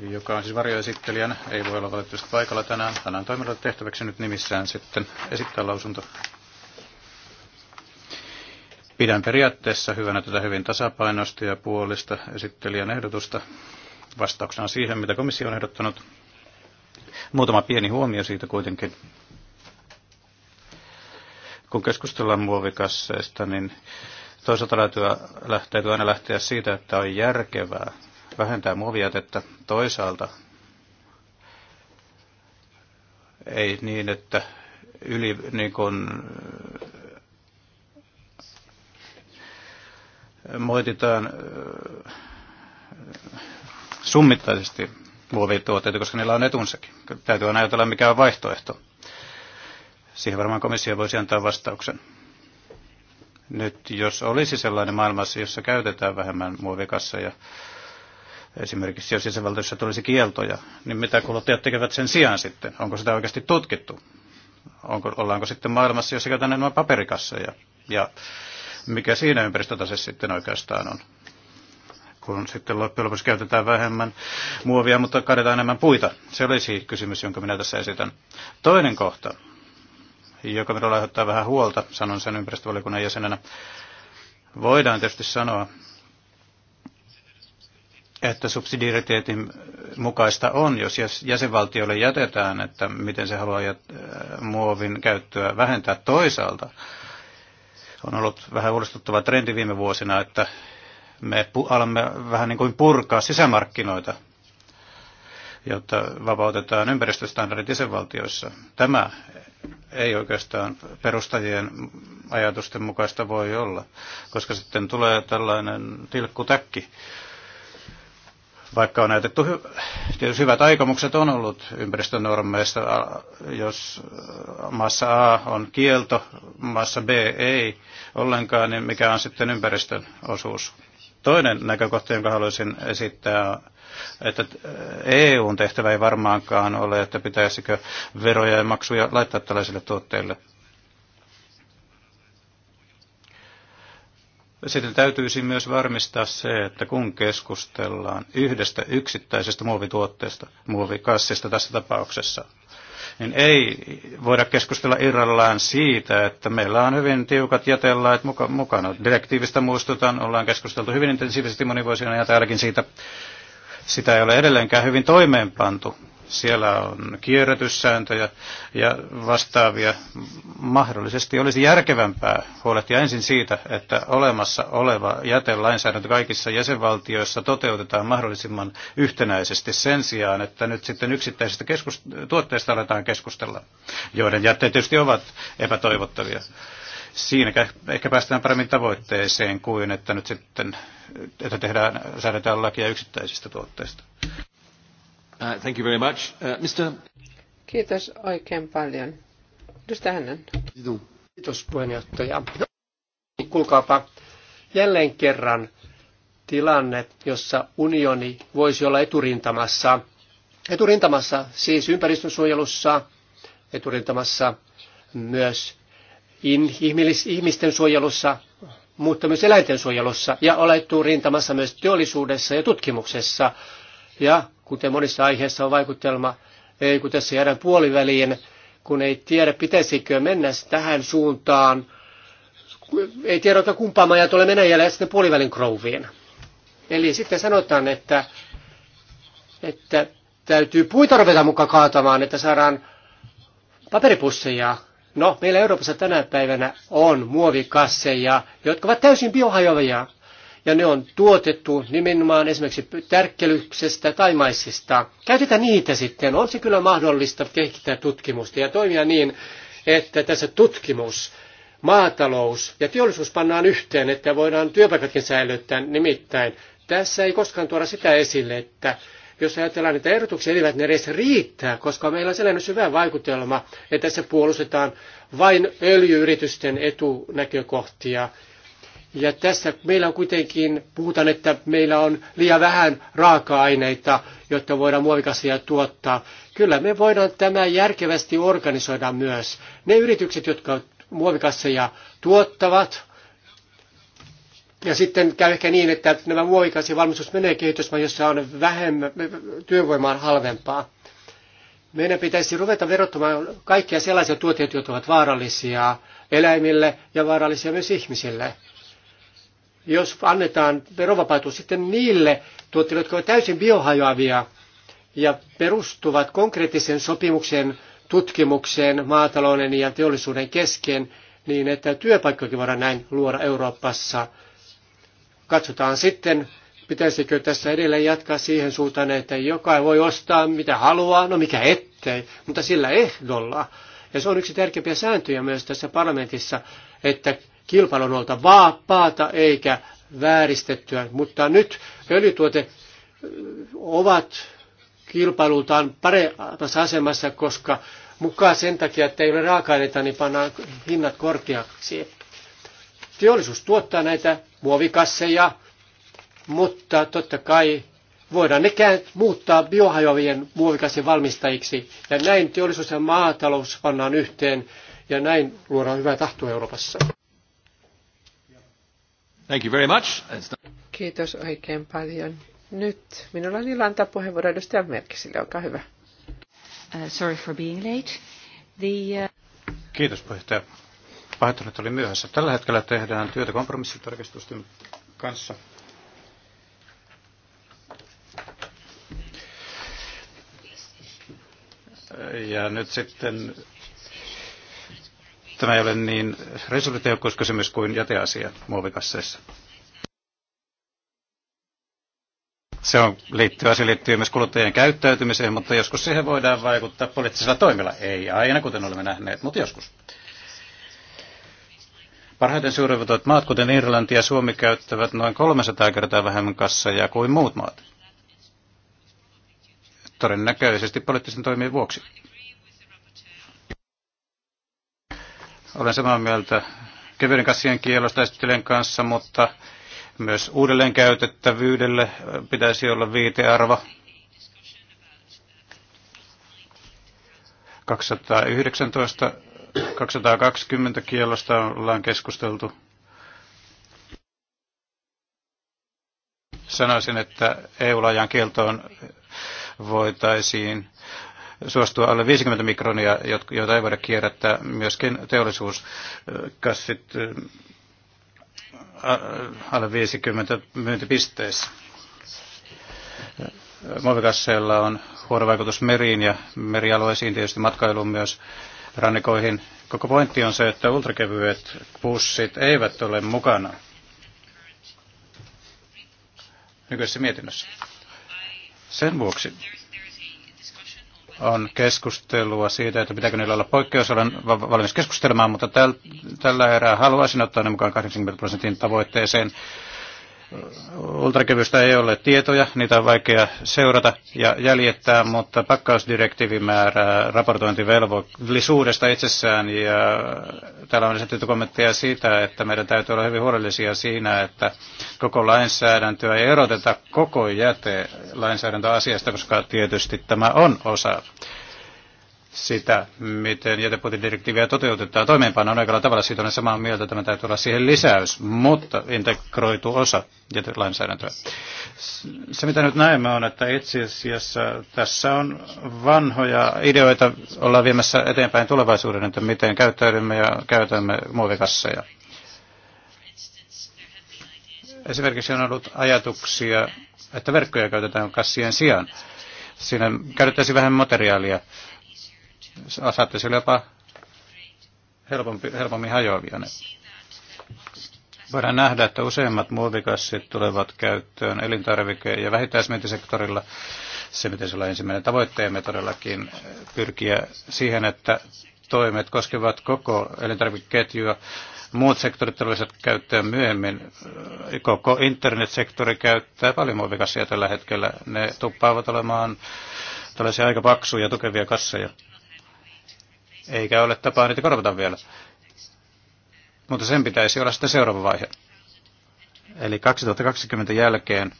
joka on siis varjoesittelijänä, ei voi olla valitettavasti paikalla tänään. Tänään toimilla tehtäväksi nyt nimissään sitten esittää lausunto. Pidän periaatteessa hyvänä tätä hyvin tasapainoista ja puolista esittelijän ehdotusta vastauksena siihen, mitä komissio on ehdottanut. Muutama pieni huomio siitä kuitenkin. Kun keskustellaan muovikasseista, niin toisaalta täytyy aina lähteä siitä, että on järkevää vähentää muovijätettä. Toisaalta ei niin, että yli niin kuin, äh, moititaan äh, summittaisesti muovituotteita, koska niillä on etunsakin. Täytyy aina ajatella, mikä on vaihtoehto. Siihen varmaan komissio voisi antaa vastauksen. Nyt jos olisi sellainen maailmassa, jossa käytetään vähemmän ja esimerkiksi jos jäsenvaltiossa tulisi kieltoja, niin mitä kuluttajat tekevät sen sijaan sitten? Onko sitä oikeasti tutkittu? Onko, ollaanko sitten maailmassa, jossa käytetään enemmän paperikasseja? Ja mikä siinä ympäristötase sitten oikeastaan on? kun sitten loppujen lopuksi käytetään vähemmän muovia, mutta kadetaan enemmän puita. Se olisi kysymys, jonka minä tässä esitän. Toinen kohta, joka minulla aiheuttaa vähän huolta, sanon sen ympäristövaliokunnan jäsenenä. Voidaan tietysti sanoa, että subsidiariteetin mukaista on, jos jäsenvaltiolle jätetään, että miten se haluaa äh, muovin käyttöä vähentää toisaalta. On ollut vähän huolestuttava trendi viime vuosina, että me alamme vähän niin kuin purkaa sisämarkkinoita, jotta vapautetaan ympäristöstandardit jäsenvaltioissa. Tämä ei oikeastaan perustajien ajatusten mukaista voi olla, koska sitten tulee tällainen tilkkutäkki. Vaikka on näytetty tietysti hyvät aikomukset on ollut ympäristönormeista, jos maassa A on kielto, maassa B ei ollenkaan, niin mikä on sitten ympäristön osuus? Toinen näkökohta, jonka haluaisin esittää, että EUn tehtävä ei varmaankaan ole, että pitäisikö veroja ja maksuja laittaa tällaisille tuotteille Sitten täytyisi myös varmistaa se, että kun keskustellaan yhdestä yksittäisestä muovituotteesta, muovikassista tässä tapauksessa, niin ei voida keskustella irrallaan siitä, että meillä on hyvin tiukat jätelait mukana. Direktiivistä muistutan, ollaan keskusteltu hyvin intensiivisesti monivuosina ja täälläkin siitä. Sitä ei ole edelleenkään hyvin toimeenpantu siellä on kierrätyssääntöjä ja vastaavia. Mahdollisesti olisi järkevämpää huolehtia ensin siitä, että olemassa oleva jätelainsäädäntö kaikissa jäsenvaltioissa toteutetaan mahdollisimman yhtenäisesti sen sijaan, että nyt sitten yksittäisistä keskust- tuotteista aletaan keskustella, joiden jätteet tietysti ovat epätoivottavia siinä ehkä päästään paremmin tavoitteeseen kuin että nyt sitten että tehdään, säädetään lakia yksittäisistä tuotteista. Uh, thank you very much. Uh, Mr. Kiitos oikein paljon. Edustaja Hännän. Kiitos puheenjohtaja. kuulkaapa jälleen kerran tilanne, jossa unioni voisi olla eturintamassa. Eturintamassa siis ympäristönsuojelussa, eturintamassa myös ihmisten suojelussa, mutta myös eläinten suojelussa ja olla eturintamassa myös teollisuudessa ja tutkimuksessa ja kuten monissa aiheissa on vaikutelma, ei kun tässä jäädään puoliväliin, kun ei tiedä, pitäisikö mennä tähän suuntaan, ei tiedä, että kumpaan majaa tulee mennä jäljellä sitten puolivälin krouviin. Eli sitten sanotaan, että, että täytyy puita ruveta mukaan kaatamaan, että saadaan paperipusseja. No, meillä Euroopassa tänä päivänä on muovikasseja, jotka ovat täysin biohajoavia ja ne on tuotettu nimenomaan esimerkiksi tärkkelyksestä tai maissista. Käytetä niitä sitten. On se kyllä mahdollista kehittää tutkimusta ja toimia niin, että tässä tutkimus, maatalous ja teollisuus pannaan yhteen, että voidaan työpaikatkin säilyttää. Nimittäin tässä ei koskaan tuoda sitä esille, että jos ajatellaan, että ehdotuksia eivät ne edes riittää, koska meillä on sellainen syvä vaikutelma, että tässä puolustetaan vain öljyyritysten etunäkökohtia ja tässä meillä on kuitenkin, puhutaan, että meillä on liian vähän raaka-aineita, jotta voidaan muovikasvia tuottaa. Kyllä me voidaan tämä järkevästi organisoida myös. Ne yritykset, jotka muovikasseja tuottavat, ja sitten käy ehkä niin, että nämä muovikasvien valmistus menee kehitysmaan, jossa on vähemmän, työvoimaa halvempaa. Meidän pitäisi ruveta verottamaan kaikkia sellaisia tuotteita, jotka ovat vaarallisia eläimille ja vaarallisia myös ihmisille jos annetaan verovapautus sitten niille tuotteille, jotka ovat täysin biohajoavia ja perustuvat konkreettisen sopimuksen tutkimukseen maatalouden ja teollisuuden kesken, niin että työpaikkojakin voidaan näin luoda Euroopassa. Katsotaan sitten, pitäisikö tässä edelleen jatkaa siihen suuntaan, että joka voi ostaa mitä haluaa, no mikä ettei, mutta sillä ehdolla. Ja se on yksi tärkeimpiä sääntöjä myös tässä parlamentissa, että Kilpailun olta vaapaata eikä vääristettyä, mutta nyt öljytuote ovat kilpailultaan paremmassa asemassa, koska mukaan sen takia, että ei ole raaka-aineita, niin pannaan hinnat korkeaksi. Teollisuus tuottaa näitä muovikasseja, mutta totta kai voidaan nekään muuttaa biohajoavien muovikassien valmistajiksi. Ja näin teollisuus ja maatalous pannaan yhteen ja näin luodaan hyvää tahtoa Euroopassa. Thank you very much. Kiitos oikein paljon. Nyt minulla on ilo antaa puheenvuoro edustaja Merkisille, olkaa hyvä. Uh, sorry for being late. The, uh... Kiitos puheenjohtaja. Pahoittelen, että olin myöhässä. Tällä hetkellä tehdään työtä kompromissitarkistusten kanssa. Ja nyt sitten Tämä ei ole niin resurssitehokkuuskysymys kuin jäteasia muovikasseissa. Se on, liittyy, asia liittyy myös kuluttajien käyttäytymiseen, mutta joskus siihen voidaan vaikuttaa poliittisilla toimilla. Ei aina, kuten olemme nähneet, mutta joskus. Parhaiten suurivutut maat, kuten Irlanti ja Suomi, käyttävät noin 300 kertaa vähemmän kasseja kuin muut maat. Todennäköisesti poliittisen toimien vuoksi. Olen samaa mieltä kevyiden kassien kielosta esittelen kanssa, mutta myös uudelleenkäytettävyydelle pitäisi olla viitearvo. 219 220 kielosta ollaan keskusteltu. Sanoisin, että EU-laajan kieltoon voitaisiin suostua alle 50 mikronia, joita ei voida kierrättää. Myöskin teollisuuskassit alle 50 myyntipisteissä. Muovikasseilla on huono vaikutus meriin ja merialueisiin, tietysti matkailuun myös rannikoihin. Koko pointti on se, että ultrakevyet pussit eivät ole mukana nykyisessä mietinnössä. Sen vuoksi on keskustelua siitä, että pitääkö niillä olla poikkeus. Olen valmis keskustelemaan, mutta täl, tällä erää haluaisin ottaa ne mukaan 80 prosentin tavoitteeseen. Ultrakevystä ei ole tietoja, niitä on vaikea seurata ja jäljittää, mutta pakkausdirektiivi määrää raportointivelvollisuudesta itsessään ja täällä on esitetty kommentteja siitä, että meidän täytyy olla hyvin huolellisia siinä, että koko lainsäädäntöä ei eroteta koko jäte lainsäädäntöasiasta, koska tietysti tämä on osa sitä, miten jätepuotidirektiiviä toteutetaan. Toimeenpano on aika tavalla siitä on samaa mieltä, tämä täytyy olla siihen lisäys, mutta integroitu osa jätelainsäädäntöä. Se mitä nyt näemme on, että itse asiassa tässä on vanhoja ideoita, ollaan viemässä eteenpäin tulevaisuuden, että miten käyttäydymme ja käytämme muovikasseja. Esimerkiksi on ollut ajatuksia, että verkkoja käytetään kassien sijaan. Siinä käytettäisiin vähän materiaalia saatte olla jopa helpompi, helpommin hajoavia. Ne. Voidaan nähdä, että useimmat muovikassit tulevat käyttöön elintarvike- ja vähittäismyyntisektorilla. Se pitäisi olla ensimmäinen tavoitteemme todellakin pyrkiä siihen, että toimet koskevat koko elintarvikeketjua. Muut sektorit tulisivat käyttöön myöhemmin. Koko internetsektori käyttää paljon muovikassia tällä hetkellä. Ne tuppaavat olemaan tällaisia aika paksuja tukevia kasseja eikä ole tapaa niitä korvata vielä. Mutta sen pitäisi olla sitten seuraava vaihe. Eli 2020 jälkeen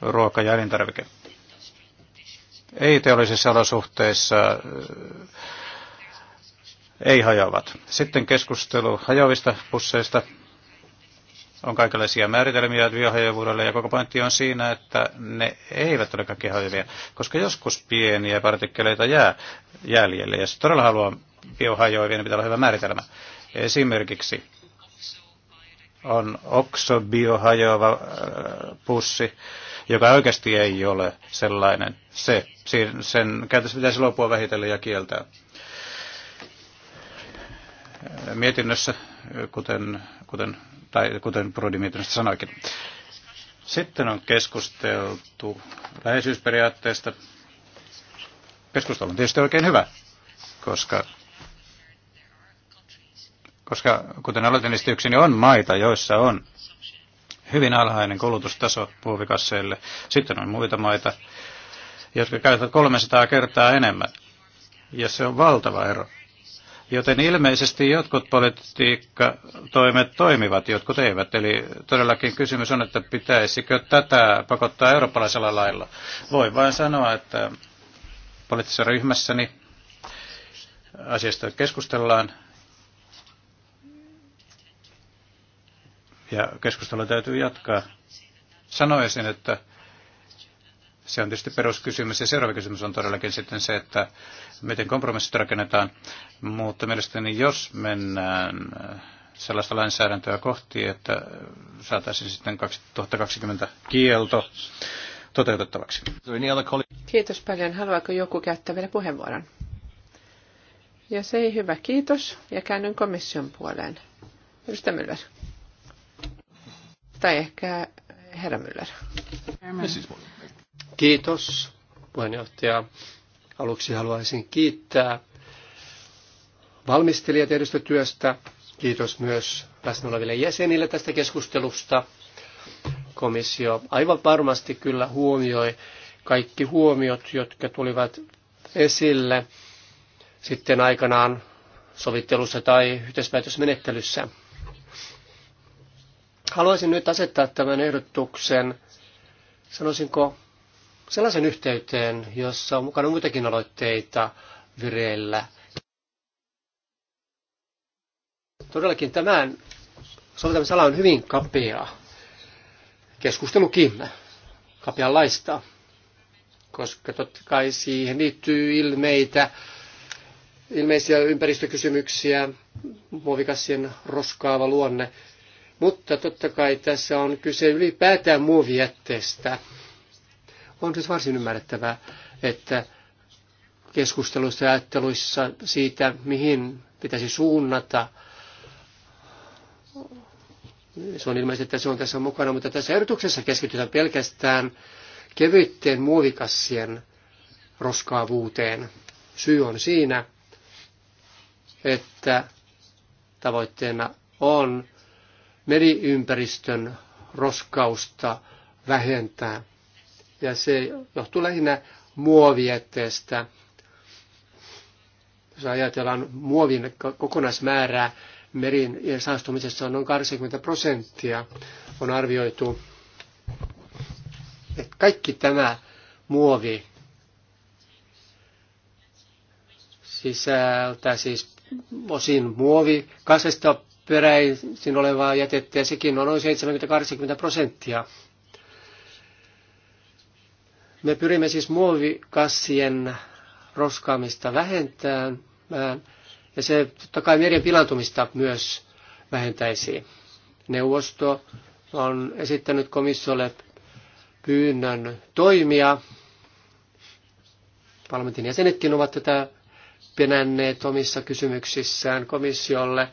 ruoka ja elintarvike. Ei teollisissa olosuhteissa, äh, ei hajoavat. Sitten keskustelu hajoavista pusseista on kaikenlaisia määritelmiä biohajoavuudelle ja koko pointti on siinä, että ne eivät ole kaikki hajoavia, koska joskus pieniä partikkeleita jää jäljelle. Ja jos todella haluaa biohajoavia, niin pitää olla hyvä määritelmä. Esimerkiksi on oksobiohajoava äh, pussi, joka oikeasti ei ole sellainen. Se, sen käytössä pitäisi lopua vähitellen ja kieltää. Mietinnössä, kuten, kuten tai kuten Brody mietinnöstä sanoikin. Sitten on keskusteltu läheisyysperiaatteesta. Keskustelu on tietysti oikein hyvä, koska, koska kuten aloitin yksin, niin on maita, joissa on hyvin alhainen kulutustaso puovikasseille. Sitten on muita maita, jotka käytetään 300 kertaa enemmän. Ja se on valtava ero. Joten ilmeisesti jotkut politiikkatoimet toimivat, jotkut eivät. Eli todellakin kysymys on, että pitäisikö tätä pakottaa eurooppalaisella lailla. Voi vain sanoa, että poliittisessa ryhmässäni asiasta keskustellaan. Ja keskustelua täytyy jatkaa. Sanoisin, että se on tietysti peruskysymys. Ja seuraava kysymys on todellakin sitten se, että miten kompromissit rakennetaan. Mutta mielestäni jos mennään äh, sellaista lainsäädäntöä kohti, että saataisiin sitten 2020 kielto toteutettavaksi. Kiitos paljon. Haluaako joku käyttää vielä puheenvuoron? Jos ei, hyvä, kiitos. Ja käännyn komission puoleen. Edustaja Müller. Tai ehkä herra Müller. Kiitos, puheenjohtaja. Aluksi haluaisin kiittää valmistelijat tehdystä työstä. Kiitos myös läsnä oleville jäsenille tästä keskustelusta. Komissio aivan varmasti kyllä huomioi kaikki huomiot, jotka tulivat esille sitten aikanaan sovittelussa tai yhteispäätösmenettelyssä. Haluaisin nyt asettaa tämän ehdotuksen, sanoisinko, sellaisen yhteyteen, jossa on mukana muitakin aloitteita vireillä. Todellakin tämän soveltamisala on hyvin kapea. Keskustelukin kapeanlaista, koska totta kai siihen liittyy ilmeitä, ilmeisiä ympäristökysymyksiä, muovikassien roskaava luonne. Mutta totta kai tässä on kyse ylipäätään muovijätteestä on siis varsin ymmärrettävää, että keskusteluissa ja ajatteluissa siitä, mihin pitäisi suunnata. Se on ilmeisesti, että se on tässä mukana, mutta tässä ehdotuksessa keskitytään pelkästään kevytteen muovikassien roskaavuuteen. Syy on siinä, että tavoitteena on meriympäristön roskausta vähentää ja se johtuu lähinnä muovijätteestä. Jos ajatellaan muovin kokonaismäärää, merin saastumisessa on noin 80 prosenttia, on arvioitu. Että kaikki tämä muovi sisältää siis osin muovi kasvista peräisin olevaa jätettä ja sekin on noin 70-80 prosenttia. Me pyrimme siis muovikassien roskaamista vähentämään ja se totta kai meren pilantumista myös vähentäisi. Neuvosto on esittänyt komissiolle pyynnön toimia. Parlamentin jäsenetkin ovat tätä penänneet omissa kysymyksissään komissiolle.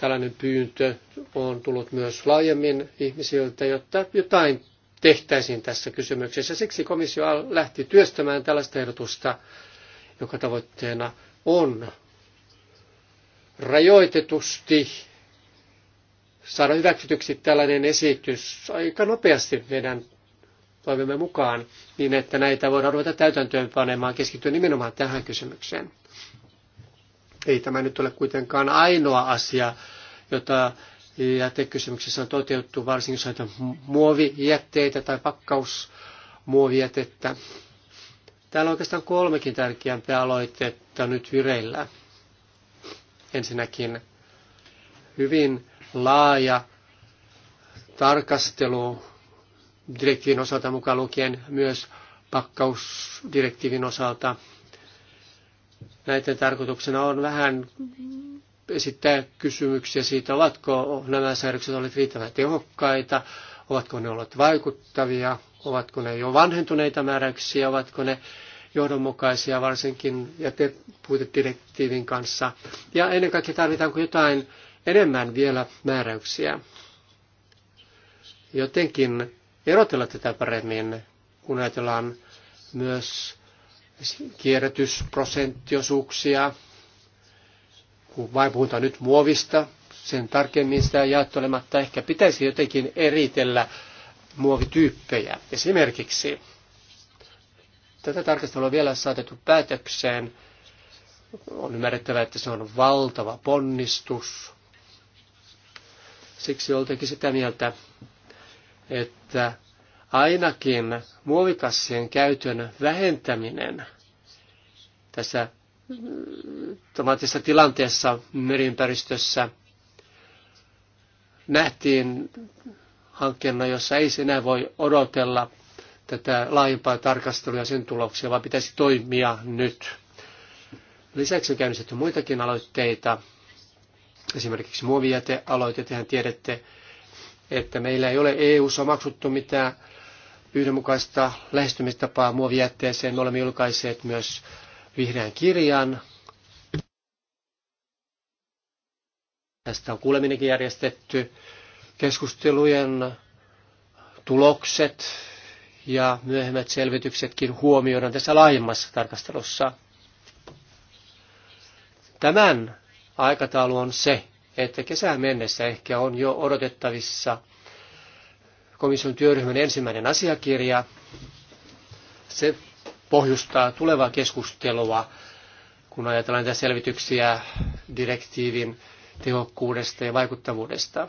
Tällainen pyyntö on tullut myös laajemmin ihmisiltä, jotta jotain tehtäisiin tässä kysymyksessä. Siksi komissio lähti työstämään tällaista ehdotusta, joka tavoitteena on rajoitetusti saada hyväksytyksi tällainen esitys aika nopeasti meidän toivomme mukaan, niin että näitä voidaan ruveta täytäntöön panemaan keskittyä nimenomaan tähän kysymykseen. Ei tämä nyt ole kuitenkaan ainoa asia, jota jätekysymyksessä on toteutettu, varsinkin jos on muovijätteitä tai pakkausmuovijätettä. Täällä on oikeastaan kolmekin tärkeämpää aloitetta nyt vireillä. Ensinnäkin hyvin laaja tarkastelu direktiivin osalta mukaan lukien myös pakkausdirektiivin osalta. Näiden tarkoituksena on vähän esittää kysymyksiä siitä, ovatko nämä säädökset olleet riittävän tehokkaita, ovatko ne olleet vaikuttavia, ovatko ne jo vanhentuneita määräyksiä, ovatko ne johdonmukaisia varsinkin jätepuitedirektiivin kanssa. Ja ennen kaikkea tarvitaanko jotain enemmän vielä määräyksiä. Jotenkin erotella tätä paremmin, kun ajatellaan myös kierrätysprosenttiosuuksia, kun vain puhutaan nyt muovista, sen tarkemmin sitä jaettelematta ehkä pitäisi jotenkin eritellä muovityyppejä. Esimerkiksi tätä tarkastelua vielä saatettu päätökseen. On ymmärrettävä, että se on valtava ponnistus. Siksi oltakin sitä mieltä, että ainakin muovikassien käytön vähentäminen tässä dramaattisessa tilanteessa meriympäristössä nähtiin hankkeena, jossa ei enää voi odotella tätä laajempaa tarkastelua ja sen tuloksia, vaan pitäisi toimia nyt. Lisäksi on käynnistetty muitakin aloitteita, esimerkiksi muovijätealoite, tehän tiedätte, että meillä ei ole EU-ssa omaksuttu mitään yhdenmukaista lähestymistapaa muovijätteeseen. Me olemme julkaisseet myös vihreän kirjan. Tästä on kuuleminenkin järjestetty. Keskustelujen tulokset ja myöhemmät selvityksetkin huomioidaan tässä laajemmassa tarkastelussa. Tämän aikataulu on se, että kesään mennessä ehkä on jo odotettavissa komission työryhmän ensimmäinen asiakirja. Se pohjustaa tulevaa keskustelua, kun ajatellaan näitä selvityksiä direktiivin tehokkuudesta ja vaikuttavuudesta.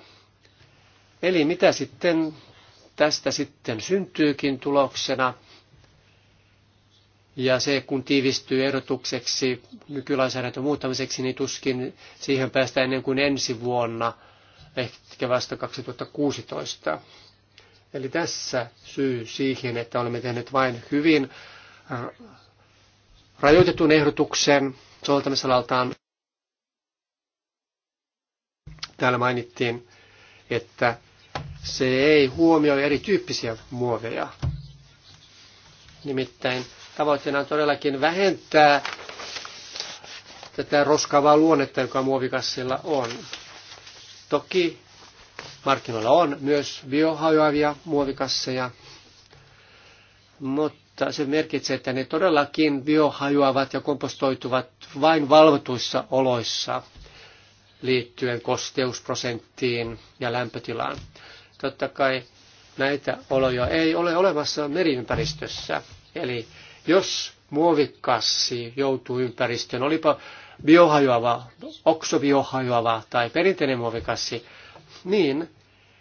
Eli mitä sitten tästä sitten syntyykin tuloksena, ja se kun tiivistyy ehdotukseksi nykylainsäädäntö muuttamiseksi, niin tuskin siihen päästään ennen kuin ensi vuonna, ehkä vasta 2016. Eli tässä syy siihen, että olemme tehneet vain hyvin Äh, rajoitetun ehdotuksen soveltamisalaltaan. Täällä mainittiin, että se ei huomioi erityyppisiä muoveja. Nimittäin tavoitteena on todellakin vähentää tätä roskaavaa luonnetta, joka muovikassilla on. Toki markkinoilla on myös biohajoavia muovikasseja, mutta se merkitsee, että ne todellakin biohajoavat ja kompostoituvat vain valvotuissa oloissa liittyen kosteusprosenttiin ja lämpötilaan. Totta kai näitä oloja ei ole olemassa meriympäristössä. Eli jos muovikassi joutuu ympäristöön, olipa biohajoava, oksobiohajoava tai perinteinen muovikassi, niin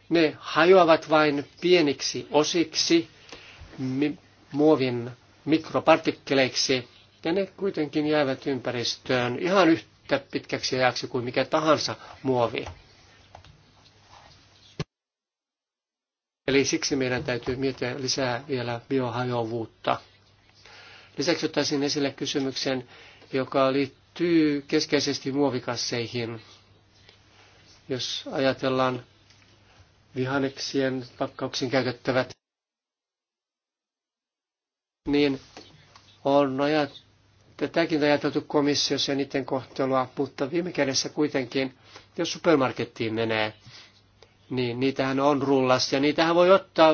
ne hajoavat vain pieniksi osiksi muovin mikropartikkeleiksi, ja ne kuitenkin jäävät ympäristöön ihan yhtä pitkäksi ajaksi kuin mikä tahansa muovi. Eli siksi meidän täytyy miettiä lisää vielä biohajoavuutta. Lisäksi ottaisin esille kysymyksen, joka liittyy keskeisesti muovikasseihin. Jos ajatellaan vihanneksien pakkauksiin käytettävät niin on ajat, tätäkin ajateltu komissiossa ja niiden kohtelua, mutta viime kädessä kuitenkin, jos supermarkettiin menee, niin niitähän on rullassa ja niitähän voi ottaa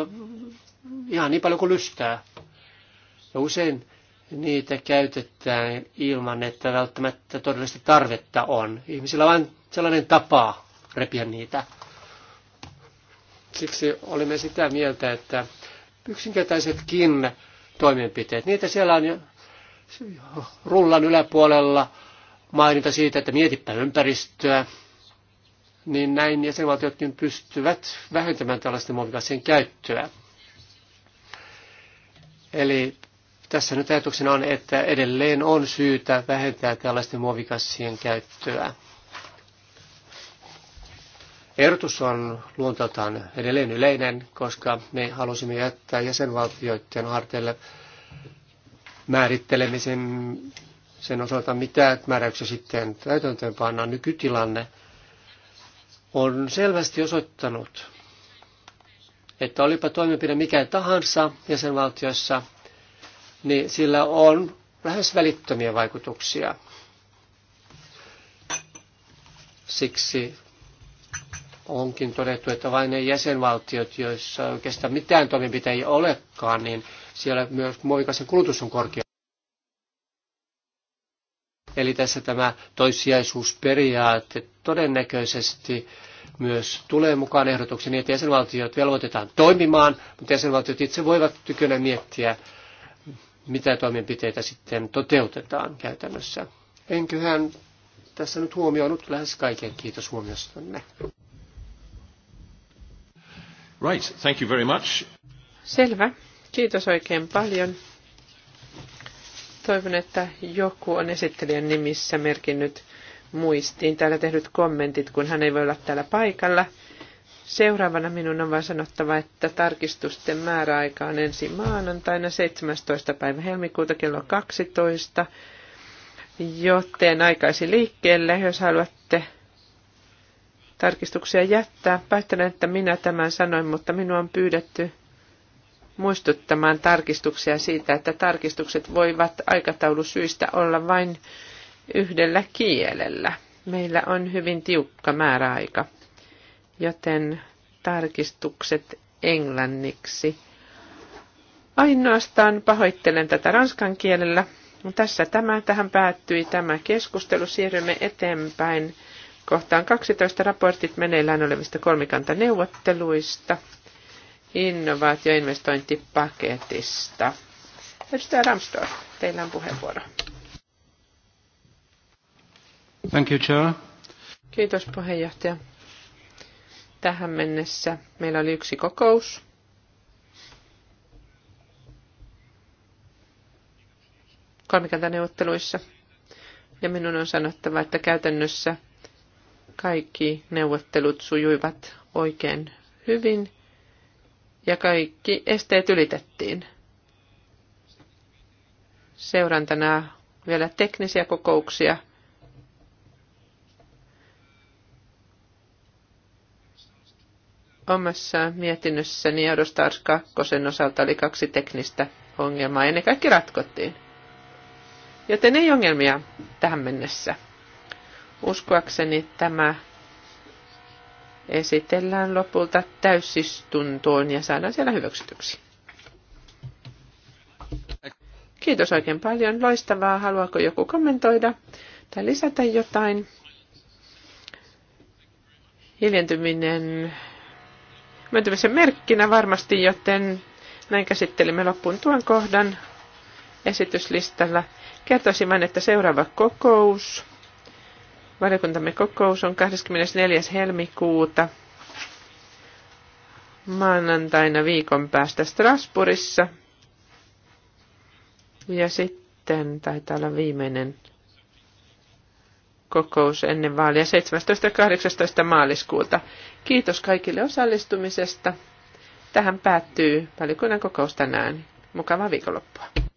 ihan niin paljon kuin lystää. Ja usein niitä käytetään ilman, että välttämättä todellista tarvetta on. Ihmisillä on vain sellainen tapa repiä niitä. Siksi olimme sitä mieltä, että yksinkertaisetkin toimenpiteet. Niitä siellä on jo rullan yläpuolella maininta siitä, että mietipä ympäristöä, niin näin jäsenvaltiotkin pystyvät vähentämään tällaisten muovikasien käyttöä. Eli tässä nyt ajatuksena on, että edelleen on syytä vähentää tällaisten muovikassien käyttöä. Ehdotus on luonteeltaan edelleen yleinen, koska me halusimme jättää jäsenvaltioiden harteille määrittelemisen sen osalta, mitä määräyksiä sitten täytäntöönpannaan Nykytilanne on selvästi osoittanut, että olipa toimenpide mikä tahansa jäsenvaltiossa, niin sillä on lähes välittömiä vaikutuksia. Siksi onkin todettu, että vain ne jäsenvaltiot, joissa oikeastaan mitään toimenpiteitä olekaan, niin siellä myös muovikasen kulutus on korkea. Eli tässä tämä toissijaisuusperiaate todennäköisesti myös tulee mukaan ehdotuksen niin, että jäsenvaltiot velvoitetaan toimimaan, mutta jäsenvaltiot itse voivat tykönä miettiä, mitä toimenpiteitä sitten toteutetaan käytännössä. Enköhän tässä nyt huomioinut lähes kaiken. Kiitos huomiostanne. Right, thank you very much. Selvä. Kiitos oikein paljon. Toivon, että joku on esittelijän nimissä merkinnyt muistiin täällä tehdyt kommentit, kun hän ei voi olla täällä paikalla. Seuraavana minun on vain sanottava, että tarkistusten määräaika on ensi maanantaina 17. päivä helmikuuta kello 12, joten aikaisi liikkeelle, jos haluat tarkistuksia jättää. Päättelen, että minä tämän sanoin, mutta minua on pyydetty muistuttamaan tarkistuksia siitä, että tarkistukset voivat aikataulusyistä olla vain yhdellä kielellä. Meillä on hyvin tiukka määräaika, joten tarkistukset englanniksi. Ainoastaan pahoittelen tätä ranskan kielellä. Tässä tämä, tähän päättyi tämä keskustelu. Siirrymme eteenpäin Kohtaan 12 raportit meneillään olevista kolmikantaneuvotteluista, innovaatioinvestointipaketista. Edustaja Ramstor, teillä on puheenvuoro. Thank you, Chair. Kiitos puheenjohtaja. Tähän mennessä meillä oli yksi kokous. kolmikantaneuvotteluissa. Ja minun on sanottava, että käytännössä kaikki neuvottelut sujuivat oikein hyvin ja kaikki esteet ylitettiin. tänään vielä teknisiä kokouksia. Omassa mietinnössäni Eurostars 2 osalta oli kaksi teknistä ongelmaa ja ne kaikki ratkottiin. Joten ei ongelmia tähän mennessä. Uskoakseni tämä esitellään lopulta täysistuntoon ja saadaan siellä hyväksytyksi. Kiitos oikein paljon. Loistavaa. Haluaako joku kommentoida tai lisätä jotain? Hiljentyminen myöntymisen merkkinä varmasti, joten näin käsittelimme loppuun tuon kohdan esityslistalla. Kertoisin vain, että seuraava kokous Valiokuntamme kokous on 24. helmikuuta maanantaina viikon päästä Strasbourgissa. Ja sitten taitaa olla viimeinen kokous ennen vaalia 17. ja 18. maaliskuuta. Kiitos kaikille osallistumisesta. Tähän päättyy valiokunnan kokous tänään. Mukavaa viikonloppua.